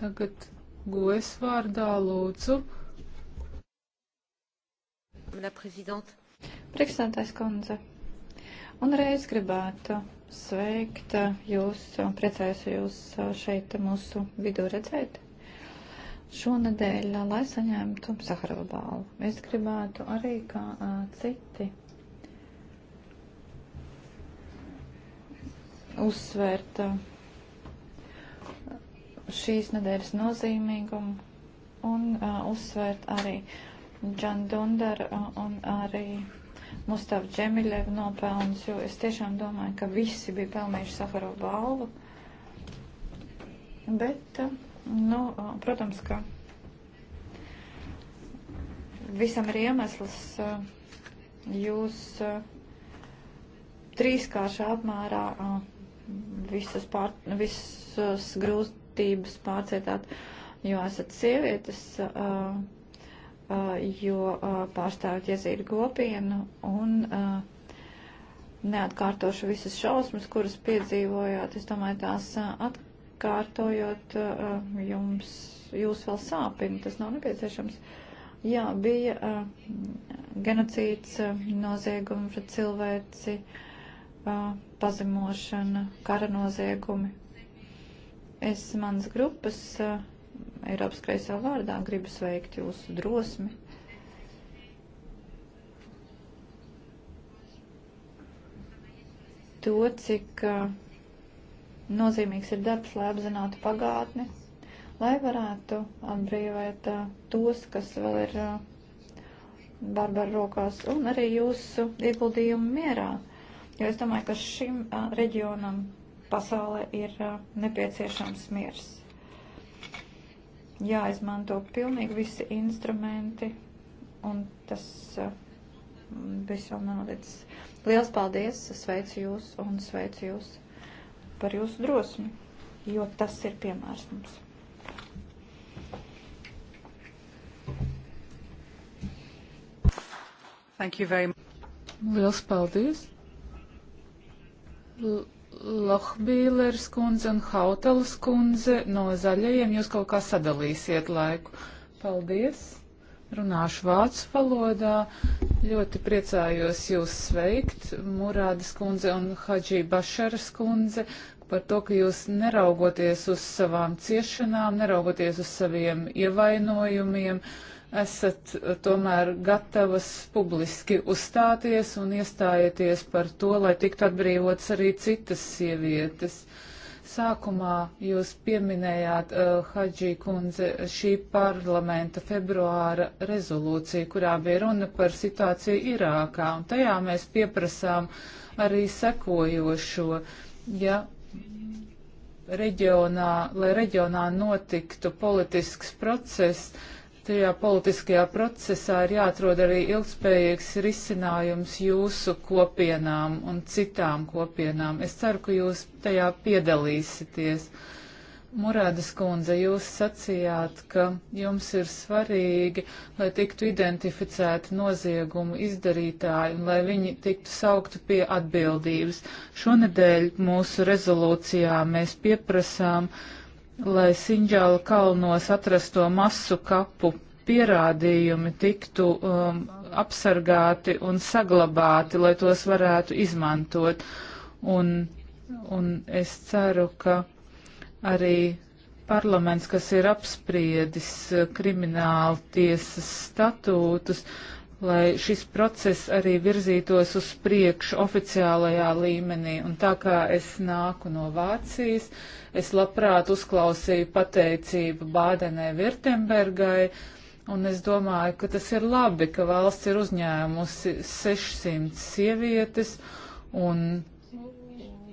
Tagad gojas vārdā lūdzu. Priekšsēdētājs kundze. Un reiz gribētu sveikt jūs, priecājos jūs šeit mūsu vidū redzēt. Šonadēļ, lai saņemtu Saharova balvu, es gribētu arī kā citi uzsvērt uh, šīs nedēļas nozīmīgumu un uh, uzsvērt arī Džan Dundara uh, un arī Mustafa Džemiļeva nopelnus, jo es tiešām domāju, ka visi bija pelnījuši Safaro balvu. Bet, uh, nu, protams, ka visam ir iemesls jūs trīskāršā apmērā visas, pār, visas grūstības pārcietāt, jo esat sievietes, uh, uh, jo uh, pārstāvjat iezīdu kopienu un uh, neatkārtošu visas šausmas, kuras piedzīvojāt. Es domāju, tās uh, atkārtojot uh, jums, jūs vēl sāpina, tas nav nepieciešams. Uh, Jā, bija uh, genocīds, uh, noziegumi pret cilvēci, vardarbība, pazemošana, kara noziegumi. Es manas grupas eh, Eiropas kreisā vārdā gribu sveikt jūsu drosmi. To, cik eh, nozīmīgs ir darbs, lai apzinātu pagātni, lai varētu atbrīvēt eh, tos, kas vēl ir barbaru rokās, un arī jūsu ieguldījumu mierā Jo es domāju, ka šim uh, reģionam pasaulē ir uh, nepieciešams miers. Jāizmanto pilnīgi visi instrumenti, un tas uh, viss vēl nenoticis. Liels paldies! Sveicu jūs un sveicu jūs par jūsu drosmi, jo tas ir piemērs mums. Thank you very much. Liels paldies! Lohbīlers kundze un Hautalas kundze no zaļajiem jūs kaut kā sadalīsiet laiku. Paldies! Runāšu vācu valodā. Ļoti priecājos jūs sveikt, Murādas kundze un Hadžī Bašaras kundze, par to, ka jūs neraugoties uz savām ciešanām, neraugoties uz saviem ievainojumiem, uh, esat eh, tomēr gatavas publiski uzstāties un iestājieties par to, lai tiktu atbrīvots arī citas sievietes. Sākumā jūs pieminējāt, uh, eh, Hadžī kundze, šī parlamenta februāra rezolūcija, kurā bija runa par situāciju Irākā, un tajā mēs pieprasām arī sekojošo, ja reģionā, lai reģionā notiktu politisks process, uh, Tajā politiskajā procesā ir jāatrod arī ilgspējīgs risinājums jūsu kopienām un citām kopienām. Es ceru, ka jūs tajā piedalīsieties. Murādas kundze, jūs sacījāt, ka jums ir svarīgi, lai tiktu identificēti noziegumu izdarītāji un lai viņi tiktu saukti pie atbildības. Šonedēļ mūsu rezolūcijā mēs pieprasām, uh, lai Sinģāla kalnos atrasto masu kapu pierādījumi tiktu um, apsargāti un saglabāti, lai tos varētu izmantot. Un, un es ceru, ka arī parlaments, kas ir apspriedis uh, krimināla tiesas statūtus, uh, lai šis process arī virzītos uz priekšu oficiālajā līmenī. Un tā kā es nāku no Vācijas, es labprāt uzklausīju pateicību Bādenē Virtembergai, un es domāju, ka tas ir labi, ka valsts ir uzņēmusi 600 sievietes un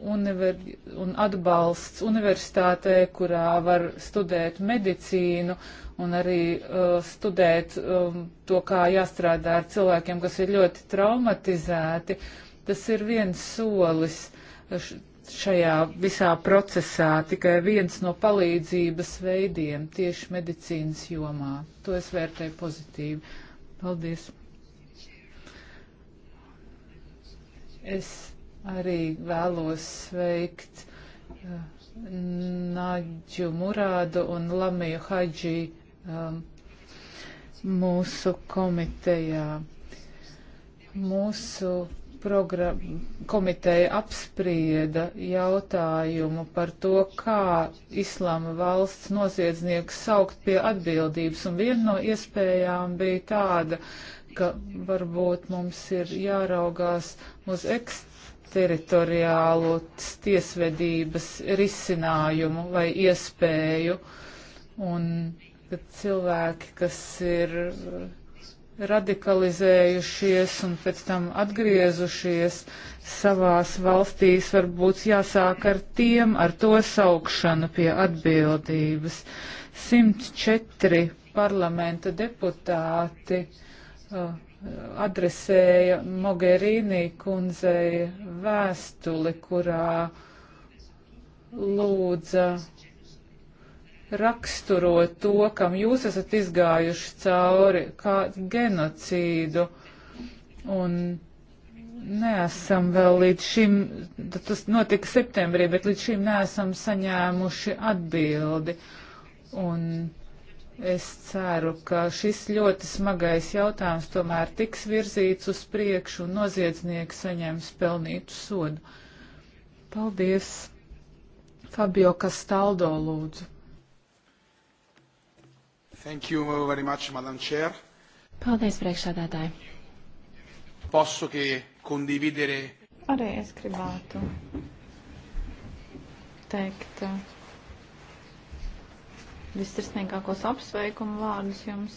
univer, un atbalsts universitātē, kurā var studēt medicīnu un arī uh, studēt um, to, kā jāstrādā ar cilvēkiem, kas ir ļoti traumatizēti. Tas ir viens solis šajā visā procesā, tikai viens no palīdzības veidiem tieši medicīnas jomā. To es vērtēju pozitīvi. Paldies! Es arī vēlos sveikt Naģu Murādu un Lamiju Haģi um, mūsu komitejā. Mūsu komiteja apsprieda jautājumu par to, kā islama valsts noziedznieks saukt pie atbildības, un viena no iespējām bija tāda, ka varbūt mums ir jāraugās uz ekstremitāti teritoriālo tiesvedības risinājumu vai iespēju. Un kad cilvēki, kas ir radikalizējušies un pēc tam atgriezušies savās valstīs, varbūt jāsāk ar tiem, ar to saukšanu pie atbildības. 104 parlamenta deputāti uh, adresēja Mogherīnī kundzei vēstuli, kurā lūdza raksturot to, kam jūs esat izgājuši cauri, kā genocīdu. Un neesam vēl līdz šim, tas notika septembrī, bet līdz šim neesam saņēmuši atbildi. Un Es ceru, ka šis ļoti smagais jautājums tomēr tiks virzīts uz priekšu un noziedznieks saņems pelnītu sodu. Paldies! Fabio Castaldo, lūdzu. Thank you very much, Madam Chair. Paldies, priekšsādātāji. Posso che condividere. Arī es gribētu teikt. Uh, Vissirsnīgākos apsveikumu vārdus jums.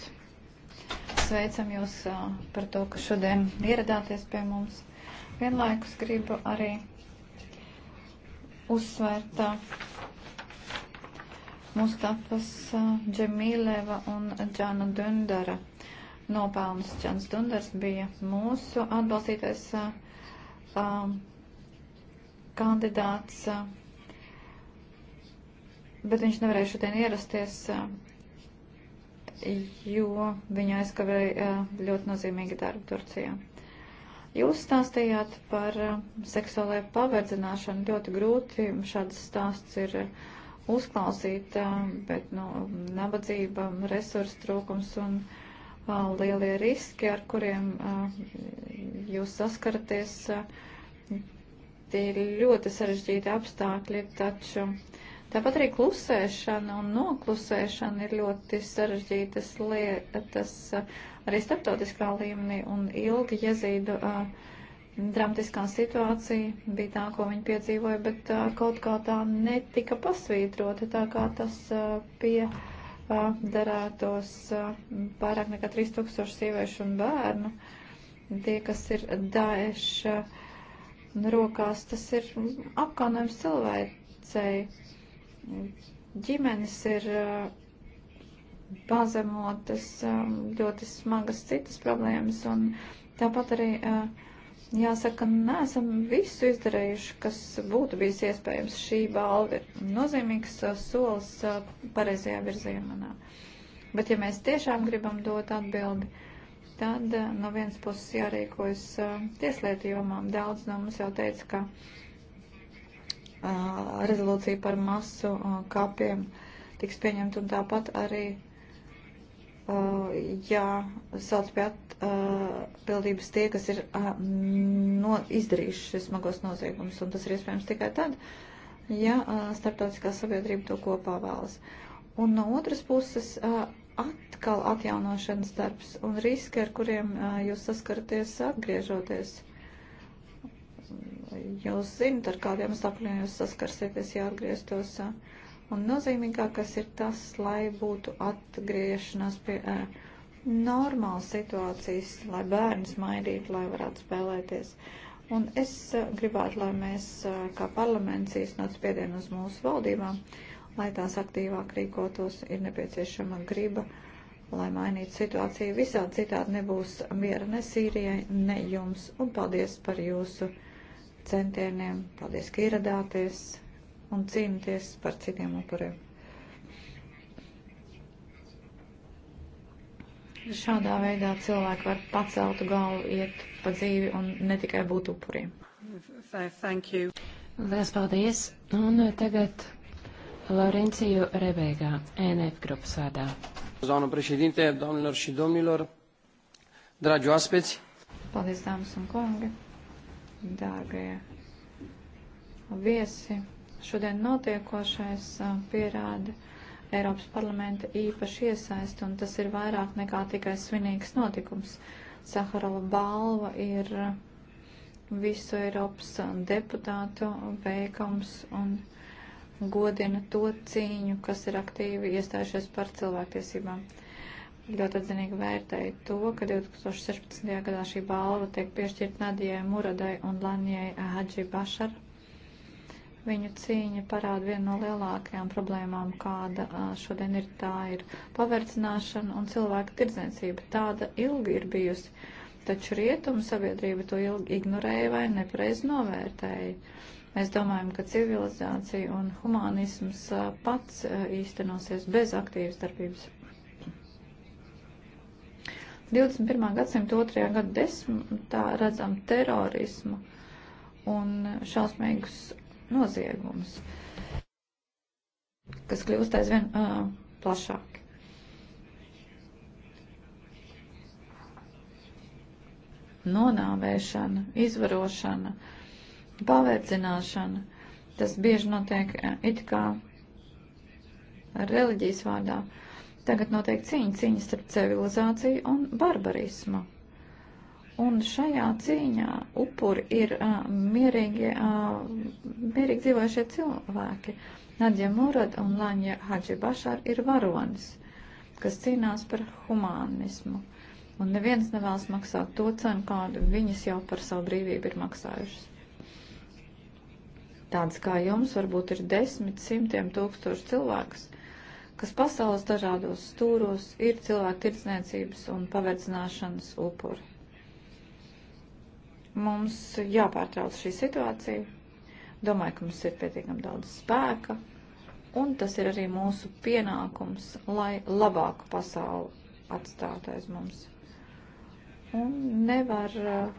Sveicam jūs par to, ka šodien ieradāties pie mums. Vienlaikus gribu arī uzsvērt Mustafas Džemīleva un Džana Dundara nopelnus. Džans Dundars bija mūsu atbalstītais kandidāts. Uh, bet viņš nevarēja šodien ierasties, jo viņa aizkavēja ļoti nozīmīgi darbu Turcijā. Jūs stāstījāt par seksuālajā paverdzināšanu. Ļoti grūti šāds stāsts ir uzklausīt, bet nu, nabadzība, resursu trūkums un uh, lielie riski, ar kuriem uh, jūs saskaraties, uh, tie ir ļoti sarežģīti apstākļi, taču Tāpat arī klusēšana un noklusēšana ir ļoti sarežģītas lietas eh, arī starptautiskā līmenī un ilgi jezīdu uh, eh, dramatiskā situācija bija tā, ko viņi piedzīvoja, bet uh, kaut kā tā netika pasvītrota, tā kā tas uh, pie darētos pārāk nekā 3000 sieviešu un bērnu. Tie, kas ir Daesh rokās, tas ir apkaunojums cilvēcei Ģimenes ir pazemotas, ļoti smagas citas problēmas, un tāpat arī jāsaka, neesam visu izdarījuši, kas būtu bijis iespējams. Šī balva ir nozīmīgs solis pareizajā virzienā. Bet ja mēs tiešām gribam dot atbildi, tad no vienas puses jārīkojas tieslietu jomām. Daudz no mums jau teica, ka rezolūcija par masu kapiem tiks pieņemta un tāpat arī jāsauc pie atbildības tie, kas ir no, izdarījuši smagos noziegumus, un tas ir iespējams tikai tad, ja starptautiskā sabiedrība to kopā vēlas. Un no otras puses atkal atjaunošanas darbs un riski, ar kuriem jūs saskaraties atgriežoties. Uh, jūs zinat, ar kādiem apstākļiem jūs saskarsieties, ja atgrieztos. Un nozīmīgākais ir tas, lai būtu atgriešanās pie e, normālas situācijas, lai bērns maidītu, lai varētu spēlēties. Un es gribētu, lai mēs kā parlaments īstenot spiedienu uz mūsu valdībām, lai tās aktīvāk rīkotos, ir nepieciešama griba lai mainītu situāciju. Visādi citādi nebūs miera ne Sīrijai, ne jums. Un paldies par jūsu centieniem. Paldies, ka ieradāties un cīnīties par citiem upuriem. Šādā veidā cilvēki var paceltu galvu, iet pa dzīvi un ne tikai būt upuriem. Thank you. Lielas paldies. Un tagad Laurenciju Rebēgā, ENF grupas vārdā. Doamnă președinte, doamnelor și domnilor, dragi oaspeți. Paldies, dāmas un kungi dārgie viesi. Šodien notiekošais pierāda Eiropas parlamenta īpaši iesaisti, un tas ir vairāk nekā tikai svinīgs notikums. Saharova balva ir visu Eiropas deputātu veikums un godina to cīņu, kas ir aktīvi iestājušies par cilvēktiesībām ļoti atzinīgi vērtēju to, ka 2016. gadā šī balva tiek piešķirta Nadijai Muradai un Lanijai Hadži Bašar. Viņu cīņa parāda vienu no lielākajām problēmām, kāda šodien ir. Tā ir pavērcināšana un cilvēka tirdzniecība. Tāda ilgi ir bijusi, taču rietumu sabiedrība to ilgi ignorēja vai nepareiz novērtēja. Mēs domājam, ka civilizācija un humanisms pats īstenosies bez aktīvas darbības. 21. gadsimta otrajā gada desmitā redzam terorismu un šausmīgus noziegumus, kas kļūst aizvien uh, plašāki. Nonāvēšana, izvarošana, pavērdzināšana, tas bieži notiek it kā reliģijas vārdā. Uh, Tagad notiek cīņa, cīņa starp civilizāciju un barbarismu. Un šajā cīņā upuri ir uh, mierīgi, uh, mierīgi dzīvojušie cilvēki. Nadja Murad un Lanja Hadži Bašar ir varonis, kas cīnās par humānismu. Un neviens nevēlas maksāt to cenu, kādu viņas jau par savu brīvību ir maksājušas. Tāds kā jums varbūt ir desmit simtiem tūkstoši cilvēkus, kas pasaules dažādos stūros ir cilvēku tirdzniecības un paverdzināšanas upuri. Mums jāpārtrauc šī situācija. Domāju, ka mums ir pietiekami daudz spēka, un tas ir arī mūsu pienākums, lai labāku pasauli atstātu aiz mums. Un nevar eh,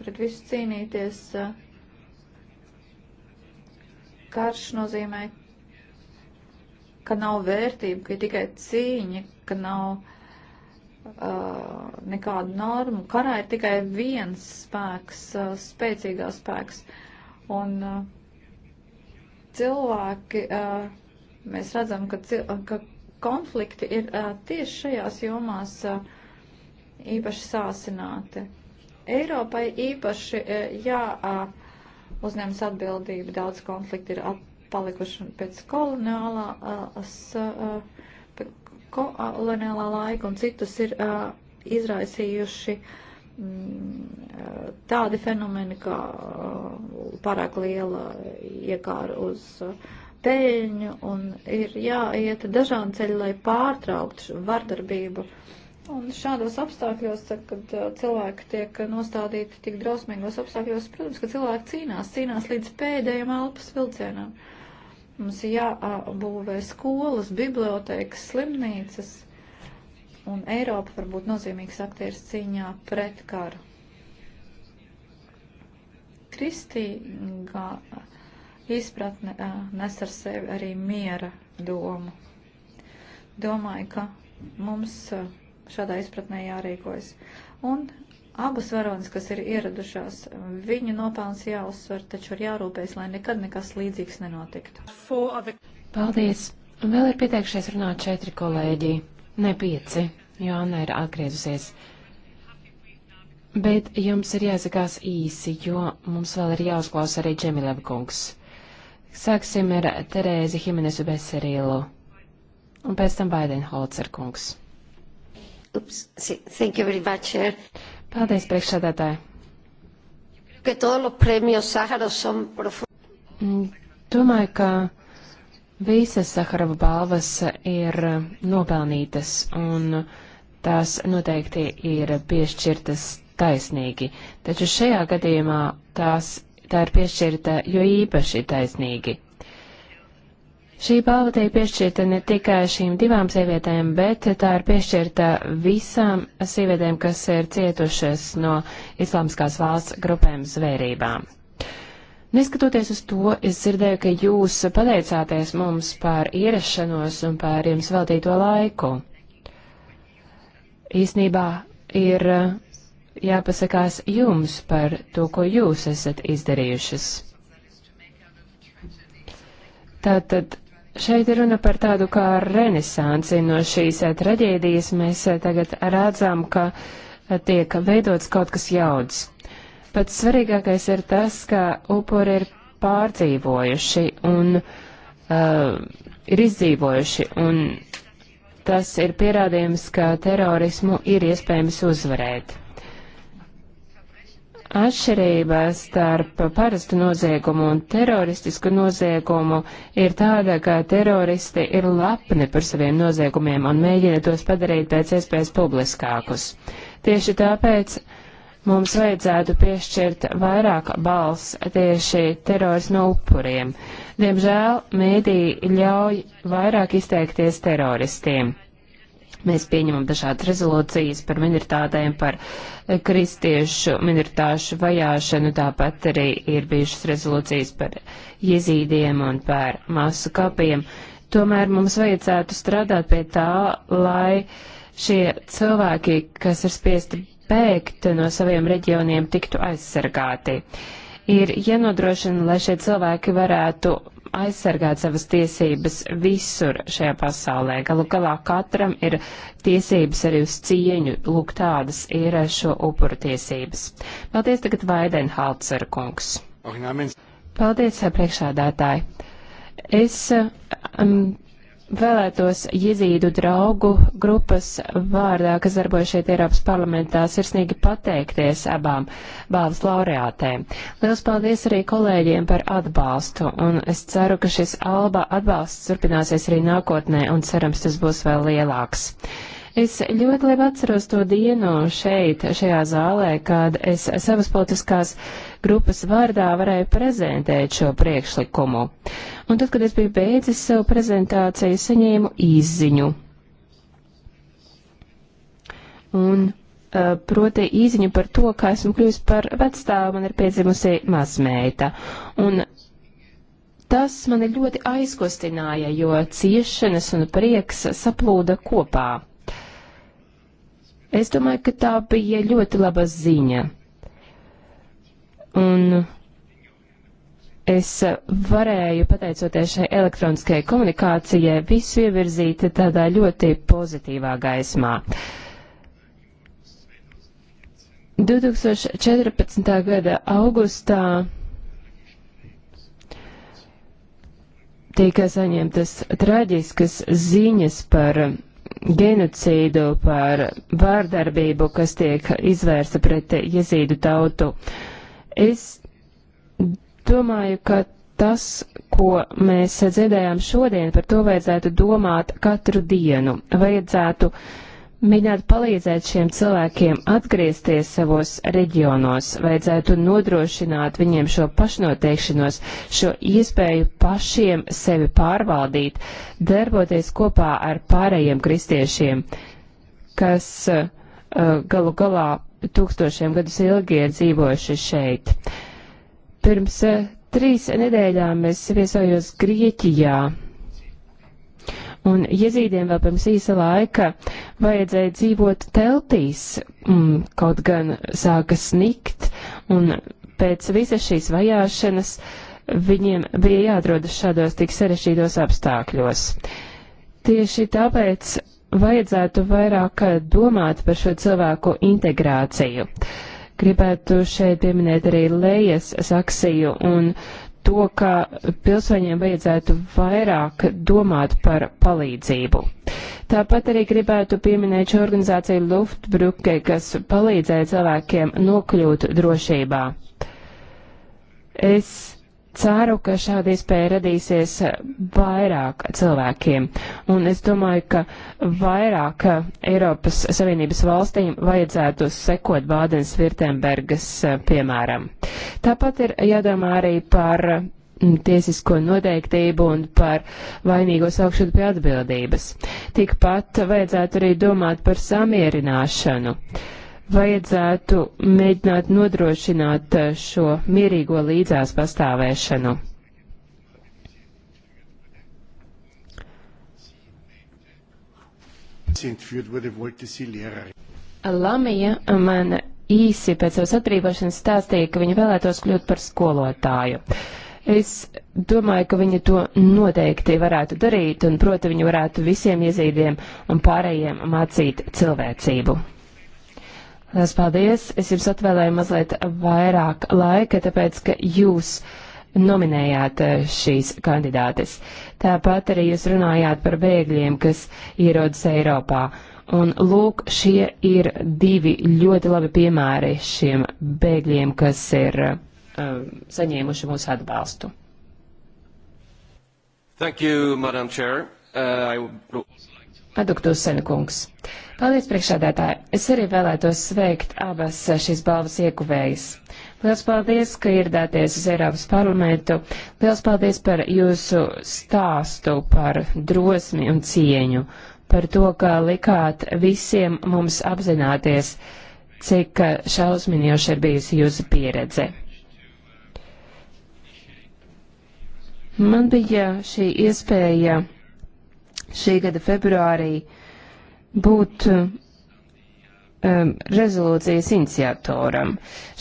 pret visu cīnīties. Eh, karš nozīmē ka nav vērtība, ka ir tikai cīņa, ka nav uh, nekādu normu. Karā ir tikai viens spēks, uh, spēcīgā spēks. Un uh, cilvēki, uh, mēs redzam, ka, cil uh, ka konflikti ir uh, tieši šajās jomās uh, īpaši sāsināti. Eiropai īpaši uh, jā. Uh, uzņems atbildību. Daudz konflikti ir at, palikuši pēc koloniālās, koloniālā laika un citus ir izraisījuši mm, tādi fenomeni, kā pārāk liela iekāra uz peļņu un ir jāiet dažādi ceļi, lai pārtrauktu vardarbību. Un šādos apstākļos, kad cilvēki tiek nostādīti tik drausmīgos apstākļos, protams, ka cilvēki cīnās, cīnās līdz pēdējiem elpas vilcienam. Uh, Mums jābūvē skolas, bibliotekas, slimnīcas, un Eiropa var būt nozīmīgs aktieris cīņā pret karu. Kristīgā izpratne nes ar sevi arī miera domu. Domāju, ka mums šādā izpratnē jārīkojas. Un abas varonas, kas ir ieradušās, viņu nopelns jāuzsver, taču ir jārūpējas, lai nekad nekas līdzīgs nenotiktu. Paldies! Vēl ir pieteikšies runāt četri kolēģi, ne pieci, jo Anna ir atgriezusies. Bet jums ir jāsakās īsi, jo mums vēl ir jāuzklausa arī Džemileva kungs. Sāksim ar Terēzi Himenesu Beserilu un pēc tam Baidenholzer kungs. Ups, thank you very much. Sir. Paldies, priekšsēdētāji. Mm, domāju, ka visas Saharova balvas ir nopelnītas un tās noteikti ir piešķirtas taisnīgi, taču šajā gadījumā tās, tā ir piešķirta jo īpaši taisnīgi. Šī balva tiek piešķirta ne tikai šīm divām sievietēm, bet tā ir piešķirta visām sievietēm, kas ir cietušas no islāmskās valsts grupēm zvērībām. Neskatoties uz to, es dzirdēju, ka jūs pateicāties mums par ierašanos un par jums veltīto laiku. Īsnībā ir uh, jāpasakās jums par to, ko jūs esat izdarījušas. Tātad Šeit ir runa par tādu kā renesansi no šīs eh, traģēdijas. Mēs eh, tagad redzam, ka eh, tiek veidots kaut kas jauns. Pats svarīgākais ir tas, ka upuri ir pārdzīvojuši un uh, ir izdzīvojuši, un tas ir pierādījums, ka terorismu ir iespējams uzvarēt. Atšķirība starp parastu noziegumu un teroristisku noziegumu ir tāda, ka teroristi ir lapni par saviem noziegumiem un mēģina tos padarīt pēc iespējas publiskākus. Tieši tāpēc mums vajadzētu piešķirt vairāk balss tieši terorismu upuriem. Diemžēl mēdī ļauj vairāk izteikties teroristiem. Mēs pieņemam dažādas rezolūcijas par minoritātēm, par kristiešu minoritāšu vajāšanu, tāpat arī ir bijušas rezolūcijas par jezīdiem un par masu kapiem. Tomēr mums vajadzētu strādāt pie tā, lai šie cilvēki, kas ir spiesti bēgt no saviem reģioniem, tiktu aizsargāti. Ir jānodrošina, lai šie cilvēki varētu aizsargāt savas tiesības visur šajā pasaulē. Galu galā katram ir tiesības arī uz cieņu, lūk tādas ir šo upuru tiesības. Paldies tagad Vaidenhalcer kungs. Paldies, priekšādātāji. Es um, vēlētos jezīdu draugu grupas vārdā, kas darbojas šeit Eiropas parlamentā, sirsnīgi pateikties abām balvas laureātēm. Liels paldies arī kolēģiem par atbalstu, un es ceru, ka šis alba atbalsts turpināsies arī nākotnē, un cerams, tas būs vēl lielāks. Es ļoti labi atceros to dienu šeit, šajā zālē, kad es savas politiskās grupas vārdā varēju prezentēt šo priekšlikumu. Un tad, kad es biju beidzis savu prezentāciju, saņēmu izziņu. Un eh, proti īziņu par to, ka esmu kļuvusi par vecstāvu, man ir piedzimusi mazmeita. Un tas mani ļoti aizkustināja, jo ciešanas un prieks saplūda kopā. Es domāju, ka tā bija ļoti laba ziņa. Un es varēju, pateicoties šai elektroniskajai komunikācijai, visu ievirzīt tādā ļoti pozitīvā gaismā. 2014. gada augustā tika saņemtas traģiskas ziņas par genocīdu, par vārdarbību, kas tiek izvērsta pret jezīdu tautu. Es domāju, ka tas, ko mēs dzirdējām šodien, par to vajadzētu domāt katru dienu. Vajadzētu uh, mēģinātu palīdzēt šiem cilvēkiem atgriezties savos reģionos, vajadzētu nodrošināt viņiem šo pašnoteikšanos, šo iespēju pašiem sevi pārvaldīt, darboties kopā ar pārējiem kristiešiem, kas uh, galu galā tūkstošiem gadus ilgi ir dzīvojuši šeit. Pirms uh, trīs nedēļām es viesojos Grieķijā Un jezīdiem vēl pirms īsa laika vajadzēja dzīvot teltīs, mm, kaut gan sāka snikt, un pēc visas šīs vajāšanas viņiem bija jāatrodas šādos tik sarešķītos apstākļos. Tieši tāpēc vajadzētu vairāk domāt par šo cilvēku integrāciju. Gribētu šeit pieminēt arī lejas saksiju un uh, to, ka pilsoņiem vajadzētu vairāk domāt par palīdzību. Tāpat arī gribētu pieminēt šo organizāciju Luftbrücke, kas palīdzēja cilvēkiem nokļūt drošībā. Es Ceru, ka šāda iespēja radīsies vairāk cilvēkiem, un es domāju, ka vairāk Eiropas Savienības valstīm vajadzētu sekot Bādens Virtembergas eh, piemēram. Tāpat ir jādomā arī par mm, tiesisko noteiktību un par vainīgo saukšanu pie atbildības. Tikpat vajadzētu arī domāt par samierināšanu. Uh, vajadzētu mēģināt nodrošināt eh, šo mierīgo līdzās pastāvēšanu. Lamija man īsi pēc savas atbrīvošanas stāstīja, ka viņa vēlētos kļūt par skolotāju. Es domāju, ka viņa to noteikti varētu darīt, un proti viņa varētu visiem iezīdiem un pārējiem mācīt cilvēcību. Lielas paldies! Es jums atvēlēju mazliet vairāk laika, tāpēc, ka jūs nominējāt eh, šīs kandidātes. Tāpat arī jūs runājāt par bēgļiem, kas ierodas Eiropā. Un lūk, šie ir divi ļoti labi piemēri šiem bēgļiem, kas ir um, saņēmuši mūsu atbalstu. Thank you, Madam Chair. Uh, I... Paduktusena kungs. Paldies, priekšādātāji. Es arī vēlētos sveikt abas šīs balvas iekuvējas. Liels paldies, ka ieradāties uz Eiropas parlamentu. Liels paldies par jūsu stāstu par drosmi un cieņu, par to, ka likāt visiem mums apzināties, cik šausminoša ir bijusi jūsu pieredze. Man bija šī iespēja šī gada februārī būt um, rezolūcijas iniciatoram.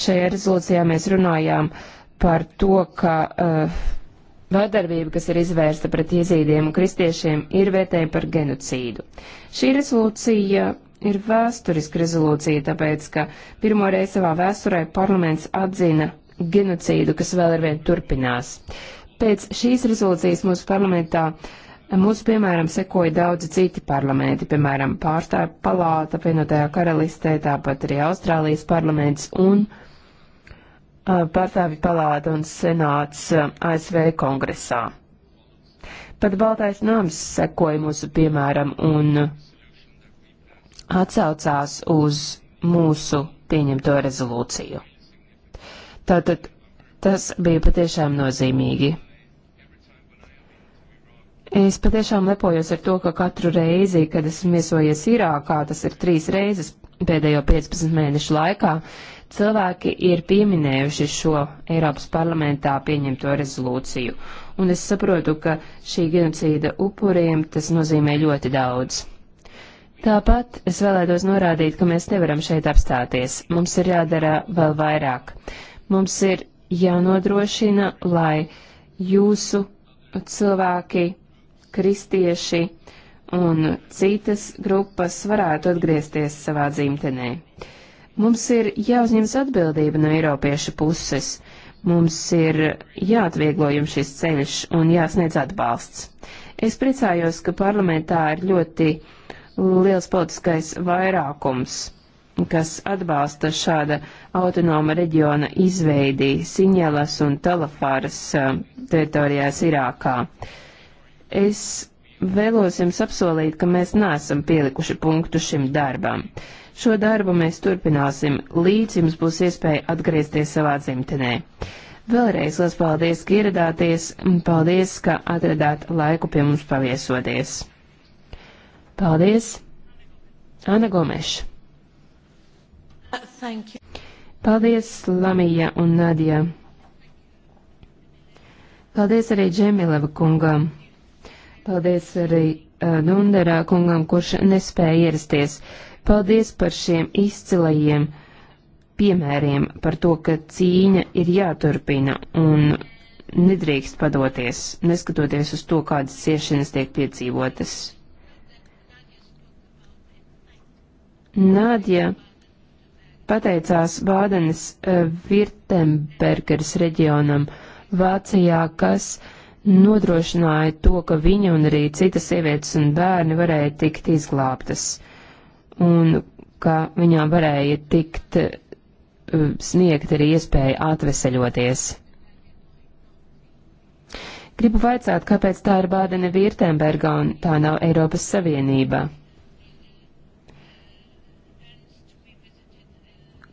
Šajā rezolūcijā mēs runājām par to, ka uh, vardarbība, kas ir izvērsta pret iezīdiem un kristiešiem, ir vērtējama par genocīdu. Šī rezolūcija ir vēsturiska rezolūcija, tāpēc, ka pirmo reizi savā vēsturē parlaments atzina genocīdu, kas vēl ar vien turpinās. Pēc šīs rezolūcijas mūsu parlamentā uh, Mums, piemēram, sekoja daudzi citi parlamenti, piemēram, pārstāvju palāta, pienotajā karalistē, tāpat arī Austrālijas parlaments un uh, pārstāvju palāta un senāts uh, ASV kongresā. Pat Baltais nams sekoja mūsu piemēram un atsaucās uz mūsu pieņemto rezolūciju. Tātad tas bija patiešām nozīmīgi. Es patiešām lepojos ar to, ka katru reizi, kad esmu viesojies Irākā, tas ir trīs reizes pēdējo 15 mēnešu laikā, cilvēki ir pieminējuši šo Eiropas parlamentā pieņemto rezolūciju. Un es saprotu, ka šī genocīda upuriem tas nozīmē ļoti daudz. Tāpat es vēlētos norādīt, ka mēs nevaram šeit apstāties. Mums ir jādara vēl vairāk. Mums ir jānodrošina, lai jūsu cilvēki kristieši un citas grupas varētu atgriezties savā dzimtenē. Mums ir jāuzņems atbildība no Eiropiešu puses, mums ir jāatvieglo jums šis ceļš un jāsniedz atbalsts. Es priecājos, ka parlamentā ir ļoti liels politiskais vairākums, kas atbalsta šāda autonoma reģiona izveidī Siņelas un Talafāras eh, teritorijās Irākā. Uh, Es vēlos jums apsolīt, ka mēs neesam pielikuši punktu šim darbam. Šo darbu mēs turpināsim, līdz jums būs iespēja atgriezties savā dzimtenē. Vēlreiz liels paldies, ka ieradāties, un paldies, ka atradāt laiku pie mums paviesoties. Paldies, Ana Gomeša. Paldies, Lamija un Nadija. Paldies arī Džemileva kungam. Paldies arī uh, Nunderā kungam, kurš nespēja ierasties. Paldies par šiem izcilajiem piemēriem par to, ka cīņa ir jāturpina un nedrīkst padoties, neskatoties uz to, kādas ciešanas tiek piedzīvotas. Nādja pateicās Vādenes eh, Virtembergeres reģionam Vācijā, kas uh, nodrošināja to, ka viņa un arī citas sievietes un bērni varēja tikt izglābtas, un ka viņām varēja tikt uh, sniegt arī iespēju atveseļoties. Gribu vaicāt, kāpēc tā ir Bādene Vīrtemberga un tā nav Eiropas Savienība.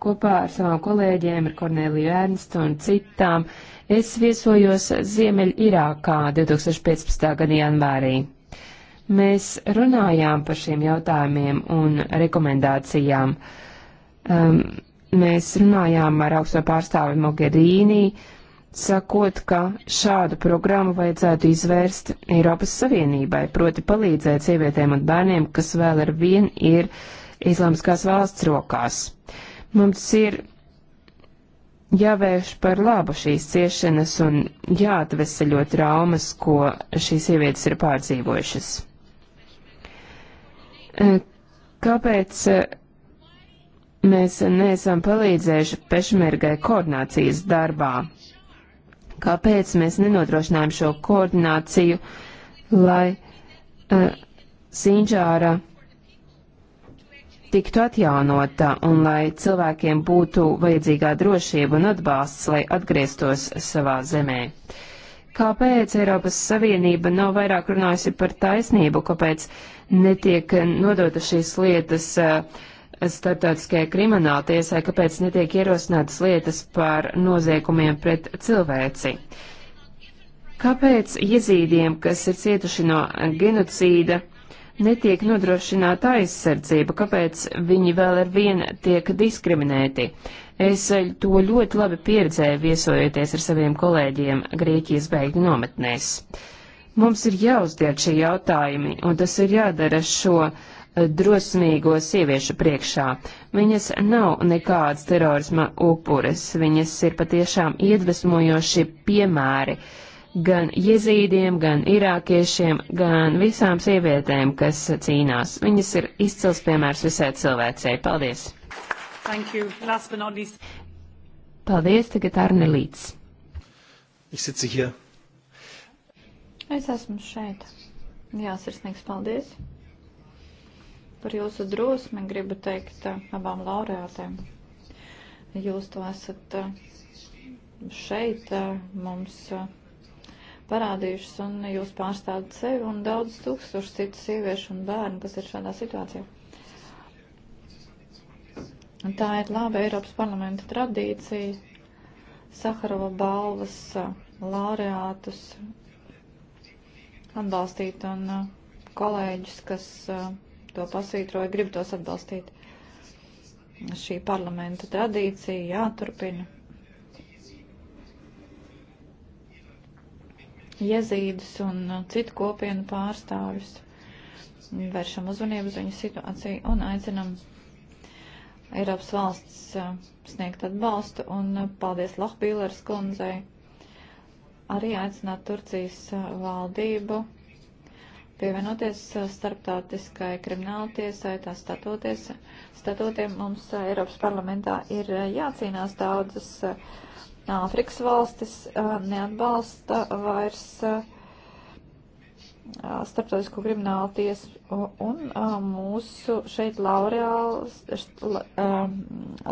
Kopā ar savām kolēģiem, ar Korneliju Ernstu un citām, uh, Es viesojos Ziemeļ-Irākā 2015. gada janvārī. Mēs runājām par šiem jautājumiem un rekomendācijām. Um, mēs runājām ar augsto pārstāvi Mogherīnī, sakot, ka šādu programmu vajadzētu izvērst Eiropas Savienībai, proti palīdzēt sievietēm un bērniem, kas vēl ar vien ir islāmskās valsts rokās. Mums ir jāvērš par labu šīs ciešanas un jāatveseļo traumas, ko šīs sievietes ir pārdzīvojušas. E, kāpēc e, mēs neesam palīdzējuši pešmergai koordinācijas darbā? Kāpēc mēs nenodrošinājam šo koordināciju, lai uh, e, Sinģāra tiktu atjaunota un lai cilvēkiem būtu vajadzīgā drošība un atbalsts, lai atgrieztos savā zemē. Kāpēc Eiropas Savienība nav vairāk runājusi par taisnību, kāpēc netiek nodota šīs lietas eh, starptautiskajai krimināla tiesai, kāpēc netiek ierosinātas lietas par noziegumiem pret cilvēci? Kāpēc jezīdiem, kas ir cietuši no genocīda, netiek nodrošināta aizsardzība, kāpēc viņi vēl ar vienu tiek diskriminēti. Es eh, to ļoti labi pieredzēju viesojoties ar saviem kolēģiem Grieķijas bēgļu nometnēs. Mums ir jāuzdiet šie jautājumi, un tas ir jādara šo eh, drosmīgo sieviešu priekšā. Viņas nav nekādas terorisma upuras, viņas ir patiešām iedvesmojoši piemēri. Uh, gan jezīdiem, gan irākiešiem, gan visām sievietēm, kas cīnās. Viņas ir izcils piemērs visai cilvēcei. Paldies! Paldies, tagad Arne Līts. Es esmu šeit. Jā, sirsnīgs paldies. Par jūsu drosmi gribu teikt eh, abām laureātēm. Jūs to esat eh, šeit eh, mums parādījušas, un jūs pārstāvat sevi un daudz tūkstošu citu sieviešu un bērnu, kas ir šādā situācijā. Un tā ir laba Eiropas parlamenta tradīcija. Saharova balvas laureātus atbalstīt un uh, kolēģus, kas uh, to pasvītroja, grib tos atbalstīt. Šī parlamenta tradīcija jāturpina. jezīdus un uh, citu kopienu pārstāvjus. Vēršam uzmanību uz viņu situāciju un aicinam Eiropas valsts uh, sniegt atbalstu un uh, paldies Lohbīlers kundzei. Arī aicināt Turcijas valdību pievienoties starptautiskai krimināla tiesai, tā statūties, statūtiem mums Eiropas parlamentā ir jācīnās daudzas uh, Āfrikas valstis neatbalsta vairs starptautisko kriminālu tiesu un mūsu šeit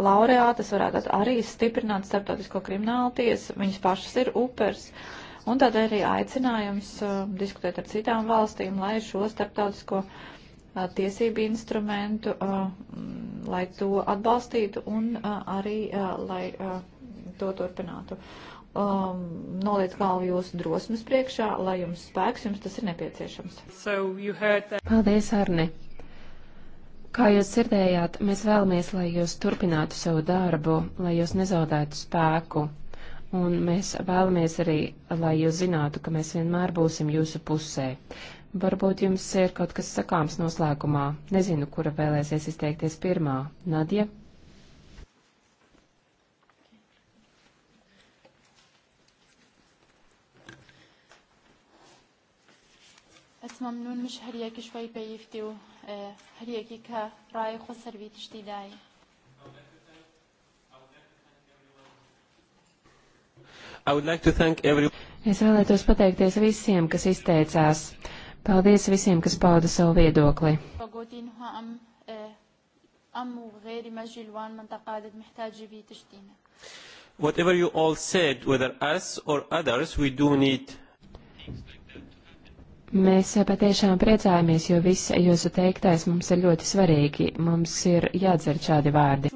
laureātas varētu arī stiprināt starptautisko kriminālu tiesu. Viņas pašas ir upers. Un tādēļ arī aicinājums diskutēt ar citām valstīm, lai šo starptautisko tiesību instrumentu, lai to atbalstītu un arī, lai to turpinātu. Um, noliec galvu jūsu drosmes priekšā, lai jums spēks, jums tas ir nepieciešams. So Paldies, Arne! Kā jūs dzirdējāt, mēs vēlamies, lai jūs turpinātu savu darbu, lai jūs nezaudētu spēku, un mēs vēlamies arī, lai jūs zinātu, ka mēs vienmēr būsim jūsu pusē. Varbūt jums ir kaut kas sakāms noslēgumā. Nezinu, kura vēlēsies izteikties pirmā. Nadja? بس ممنون مش هر یکی شوی پیفتی و هر یکی که رای خود سروی تشتی دایی Es vēlētos pateikties visiem, kas izteicās. Paldies visiem, kas pauda savu viedokli. Whatever you all said, whether us or others, we do need Mēs patiešām priecājamies, jo viss jūsu teiktais mums ir ļoti svarīgi. Mums ir jādzer šādi vārdi.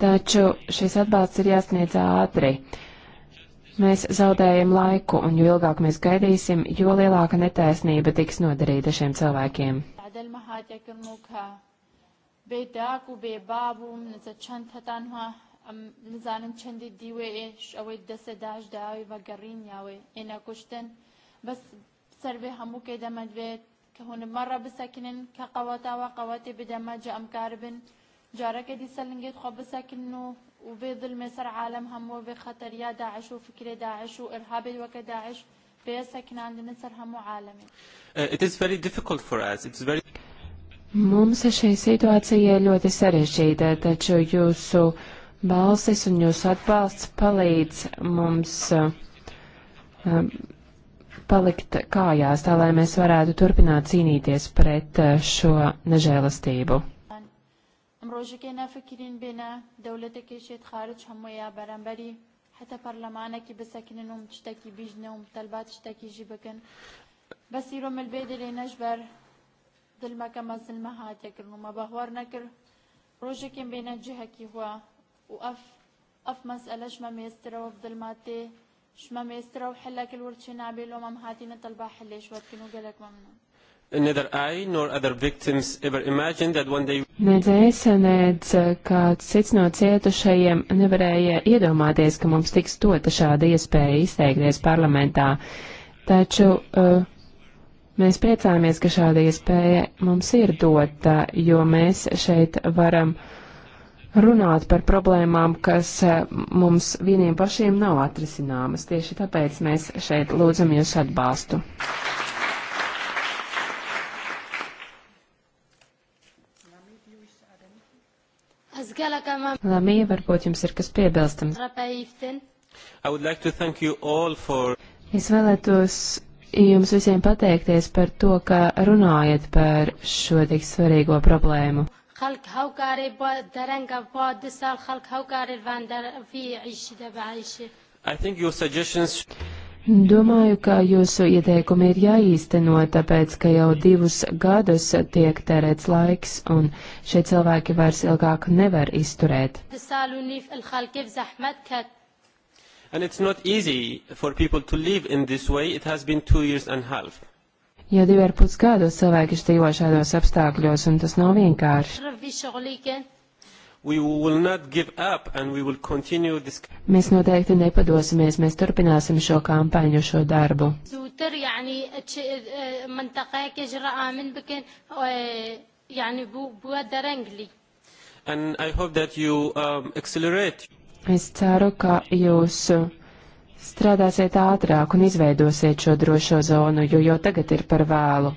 Taču šis atbalsts ir jāsniedz ātri. Mēs zaudējam laiku, un jo ilgāk mēs gaidīsim, jo lielāka netaisnība tiks nodarīta šiem cilvēkiem. بێ داک و بێبا بووم نزە چەند هەتانها نزانم چەندی دیوێ ئێش ئەوەی دەسە داش داوی بە گەڕین یاوێ ئێنە کوشتن بەس سەرێ هەموو کێ دەمەدوێت کە هونمەڕە بسەکنن کە قەوەتاوە قەوەتی بدەمە جە ئەمکار بن جارەکە دیسە لنگێت خۆ بسەکن و وبێ دڵمێ سەر عالم هەموو بێ خەتەریا داعش و فکرێ داعش و ئرهابێت وەکە داعش بێ سەکناندنە سەر هەموو عالمی. It is very difficult for us. It's very Mums šī situācija ir ļoti sarežģīta, taču jūsu balsis un jūsu atbalsts palīdz mums um, palikt kājās, tā lai mēs varētu turpināt cīnīties pret uh, šo nežēlastību. ڕۆژێکی نافکرین بێنە دەولەتێکێشێت خارج هەموویە بەرەمبەری حتا پەرلەمانێکی بسەکنن و شتێکی بیژنە و تەلبات شتێکیژی بکەن بەسیرۆ ملبێ دەلێ نەژبەر دلما کەمە زلمە هاتێکردن و مە بەهوار نەکرد ڕۆژێکم بێنە جهەکی هوە و ئەف ئەف مەسئلە شمە مێسترەوە دلما تێ شمە مێسترە و حلەکل وەرچی نابێ لۆمەم هاتینە تەلبا حلێش وەکن و گەلک مەمنون neither I nor other victims ever imagined that one day Nec es, nec kāds cits no cietušajiem nevarēja iedomāties, ka mums tiks dota šāda iespēja izteikties parlamentā. Taču uh, Mēs priecājamies, ka šāda iespēja mums ir dota, jo mēs šeit varam runāt par problēmām, kas eh, mums vieniem pašiem nav atrisināmas. Tieši tāpēc mēs šeit lūdzam jūs atbalstu. Lamija, varbūt jums ir kas piebilstams. Like for... Es vēlētos jums visiem pateikties par to, ka runājat par šo tik svarīgo problēmu. خلق هوكاري درنگا بود سال خلق هوكاري وان در في عيش دبعيش I think your suggestions Domāju, ka jūsu ieteikumi ir jāīsteno, tāpēc, ka jau divus gadus tiek tērēts laiks, un šie cilvēki vairs ilgāk nevar izturēt and it's not easy for people to live in this way. It has been two years and a half. Jau divi ar pus gadus cilvēki dzīvo šādos apstākļos, un tas nav vienkārši. Mēs noteikti nepadosimies, mēs turpināsim šo kampaņu, šo darbu. And I hope that you um, accelerate Es ceru, ka jūs strādāsiet ātrāk un izveidosiet šo drošo zonu, jo jau tagad ir par vēlu.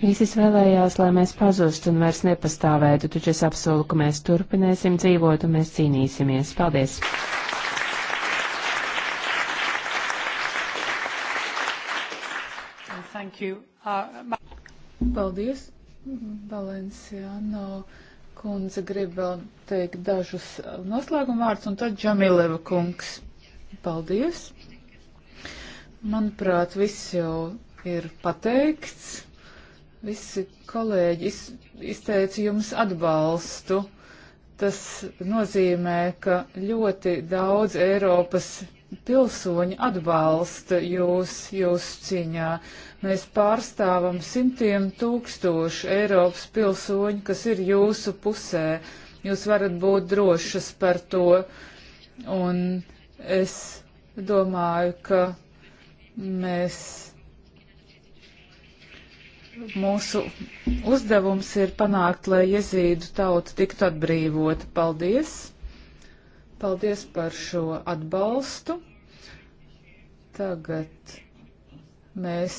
ISIS vēlējās, lai mēs pazustu un vairs nepastāvētu, taču es apsolu, ka mēs turpināsim dzīvot un mēs cīnīsimies. Paldies! Thank you. Uh, ma... Paldies, Valenciāno kundze grib vēl uh, teikt dažus uh, noslēguma vārdus, un tad Džamileva kungs. Paldies! Manuprāt, viss jau ir pateikts. Visi kolēģi iz, izteica jums atbalstu. Tas nozīmē, ka ļoti daudz Eiropas pilsoņu atbalsta jūs, jūs ciņā. Uh, Mēs pārstāvam simtiem tūkstošu Eiropas pilsoņu, kas ir jūsu pusē. Jūs varat būt drošas par to. Un es domāju, ka mēs, mūsu uzdevums ir panākt, lai jezīdu tauta tiktu atbrīvota. Paldies! Paldies par šo atbalstu. Tagad mēs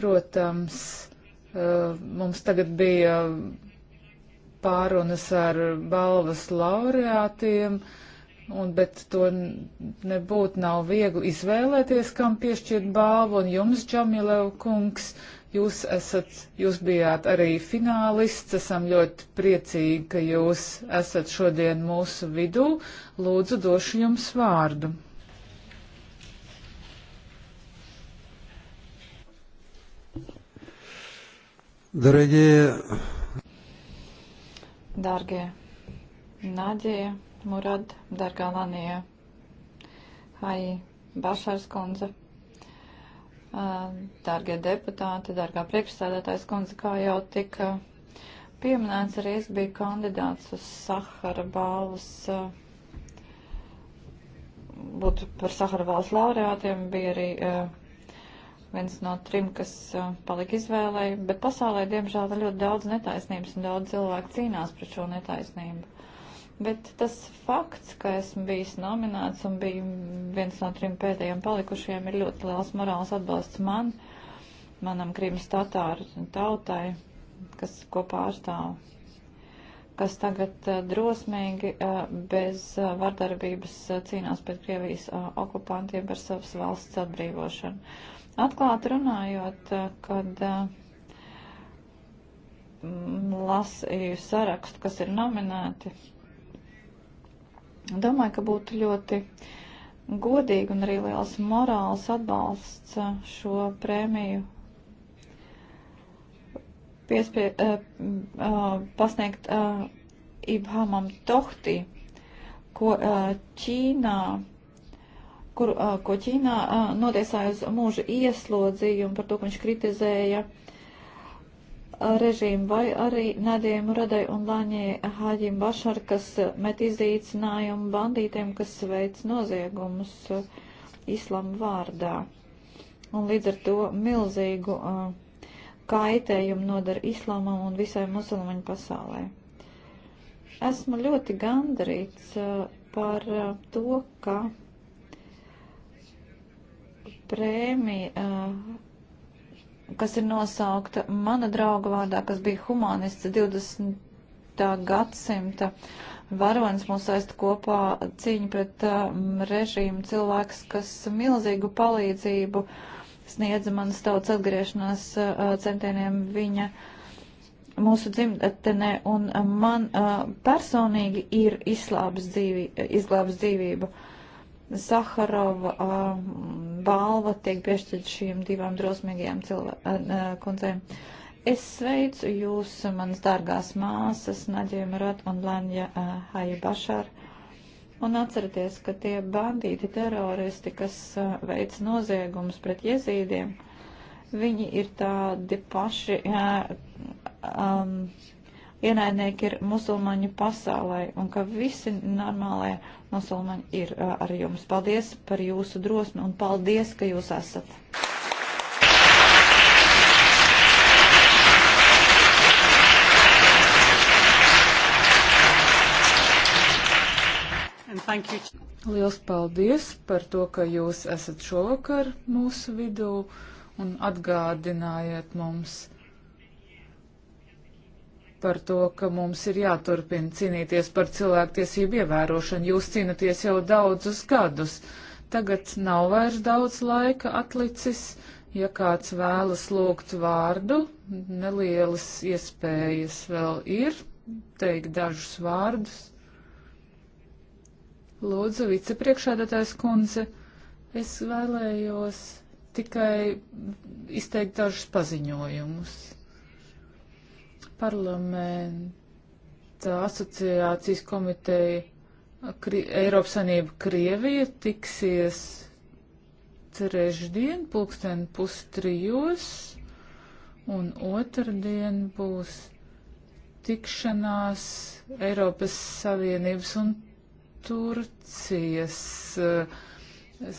Protams, uh, mums tagad bija pārunas ar balvas laureātiem, un, bet to nebūtu nav viegli izvēlēties, kam piešķirt balvu, un jums, Džamilev kungs, jūs esat, jūs bijāt arī finālists, esam ļoti priecīgi, ka jūs esat šodien mūsu vidū. Lūdzu, došu jums vārdu. Дорогие... Дорогие Надя, Мурад, дорогая Лания, Хай, Башарс Конзе, dārgie deputāti, dārgā priekšsēdētājs kundze, kā jau tika pieminēts, arī es biju kandidāts uz Sahara balvas, būtu par Sahara balvas laureātiem, bija arī uh, viens no trim, kas uh, palika izvēlēji, bet pasaulē, diemžēl, ir ļoti daudz netaisnības un daudz cilvēku cīnās pret šo netaisnību. Bet tas fakts, ka esmu bijis nominēts un biju viens no trim pēdējiem palikušajiem, ir ļoti liels morāls atbalsts man, manam Krimas tatāru tautai, kas kopā ārstāv, kas tagad uh, drosmīgi uh, bez vardarbības cīnās pret Krievijas okupantiem par savas valsts atbrīvošanu. Atklāti runājot, kad mm, lasīju sarakstu, kas ir nominēti, domāju, ka būtu ļoti godīgi un arī liels morāls atbalsts šo prēmiju piespie, uh, uh, pasniegt uh, Ibhamam Tohti, ko uh, Ķīnā kuru, ko Ķīnā notiesāja uz mūža ieslodzījumu par to, ka viņš kritizēja režīmu vai arī Nadiem Radai un Lāņē Hāģim Bašar, kas met izīcinājumu bandītiem, kas veic noziegumus islamu vārdā. Un līdz ar to milzīgu kaitējumu nodara islāmam un visai musulmaņu pasaulē. Esmu ļoti gandarīts par to, ka prēmija, eh, kas ir nosaukta mana drauga vārdā, kas bija humanists 20. gadsimta varonis mūs saista kopā cīņa pret um, režīmu cilvēks, kas milzīgu palīdzību sniedza manas tautas atgriešanās uh, centieniem viņa mūsu dzimtenē, un man uh, personīgi ir izslābis dzīvi, izglābis dzīvību. Uh, Saharova uh, balva tiek piešķirta šīm divām drosmīgajām uh, kundzēm. Es sveicu jūs, manas dārgās māsas, Naģija Marat un Lanja uh, Haja Bašar. Un atcerieties, ka tie bandīti teroristi, kas uh, veic noziegumus pret jezīdiem, viņi ir tādi paši. Uh, um, ienaidnieki ir musulmaņi pasaulē un ka visi normālie musulmaņi ir ar jums. Paldies par jūsu drosmi un paldies, ka jūs esat. Liels paldies par to, ka jūs esat šovakar mūsu vidū un atgādinājāt mums par to, ka mums ir jāturpina cīnīties par cilvēktiesību ievērošanu. Jūs cīnaties jau daudzus gadus. Tagad nav vairs daudz laika atlicis. Ja kāds vēlas lūgt vārdu, nelielas iespējas vēl ir teikt dažus vārdus. Lūdzu, vicepriekšādātājs kundze, es vēlējos tikai izteikt dažus paziņojumus. Parlamenta asociācijas komiteja Kri Eiropas Sanība Krievija tiksies trešdien pulksten pustrijos un otrdien būs tikšanās Eiropas Savienības un Turcijas eh,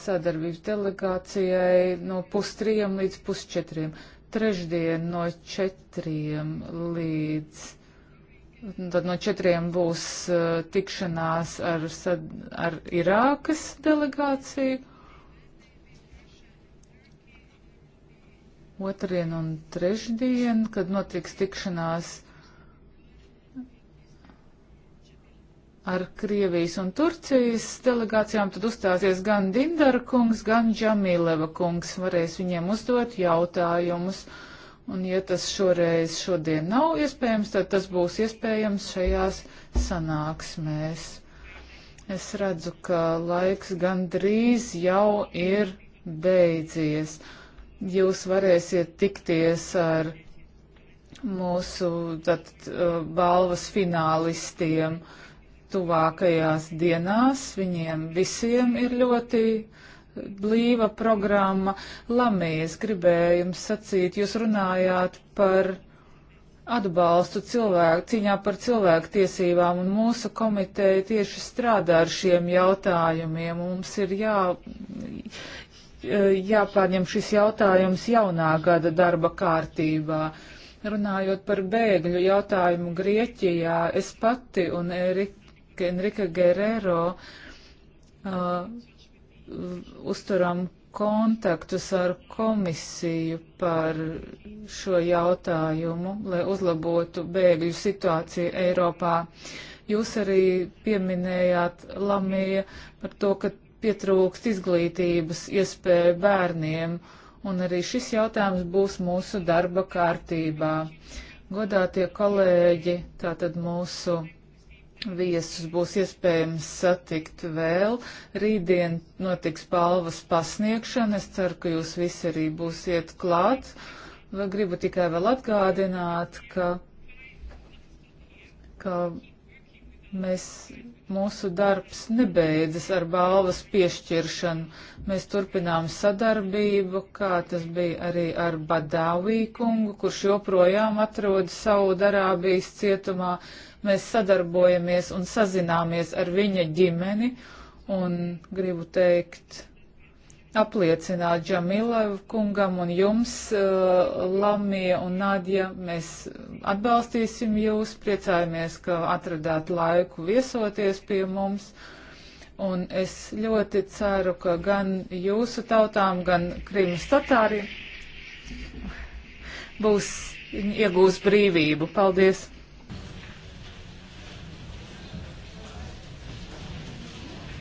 sadarbības delegācijai no pustrījiem līdz pusčetriem trešdien no četriem līdz. Tad no četriem būs uh, tikšanās ar, sad, ar Irākas delegāciju. Otrdien un trešdien, kad notiks tikšanās ar Krievijas un Turcijas delegācijām, tad uzstāsies gan Dindara kungs, gan Džamileva kungs. Varēs viņiem uzdot jautājumus. Un ja tas šoreiz šodien nav iespējams, tad tas būs iespējams šajās sanāksmēs. Es redzu, ka laiks gandrīz jau ir beidzies. Jūs varēsiet tikties ar mūsu tad, uh, balvas finālistiem. Uh, tuvākajās dienās. Viņiem visiem ir ļoti blīva programma. Lamijas gribēju jums sacīt, jūs runājāt par atbalstu cilvēku, cīņā par cilvēku tiesībām, un mūsu komiteja tieši strādā ar šiem jautājumiem. Mums ir jā, jāpārņem šis jautājums jaunā gada darba kārtībā. Runājot par bēgļu jautājumu Grieķijā, es pati un Erika Enrika Guerrero uh, uzturam kontaktus ar komisiju par šo jautājumu, lai uzlabotu bēgļu situāciju Eiropā. Jūs arī pieminējāt, Lamija, par to, ka pietrūkst izglītības iespēju bērniem, un arī šis jautājums būs mūsu darba kārtībā. Godātie kolēģi, tātad mūsu Viesus būs iespējams satikt vēl. Rītdien notiks palvas pasniegšana. Es ceru, ka jūs visi arī būsiet klāt. Vai gribu tikai vēl atgādināt, ka, ka mēs, mūsu darbs nebeidzas ar balvas piešķiršanu. Mēs turpinām sadarbību, kā tas bija arī ar Badāvī kungu, kurš joprojām atrodas Saudarābijas cietumā Mēs sadarbojamies un sazināmies ar viņa ģimeni un gribu teikt, apliecināt Džamilavu kungam un jums, uh, Lamija un Nadja, mēs atbalstīsim jūs, priecājamies, ka atradāt laiku viesoties pie mums. Un es ļoti ceru, ka gan jūsu tautām, gan Krīmas tatāriem būs iegūs brīvību. Paldies!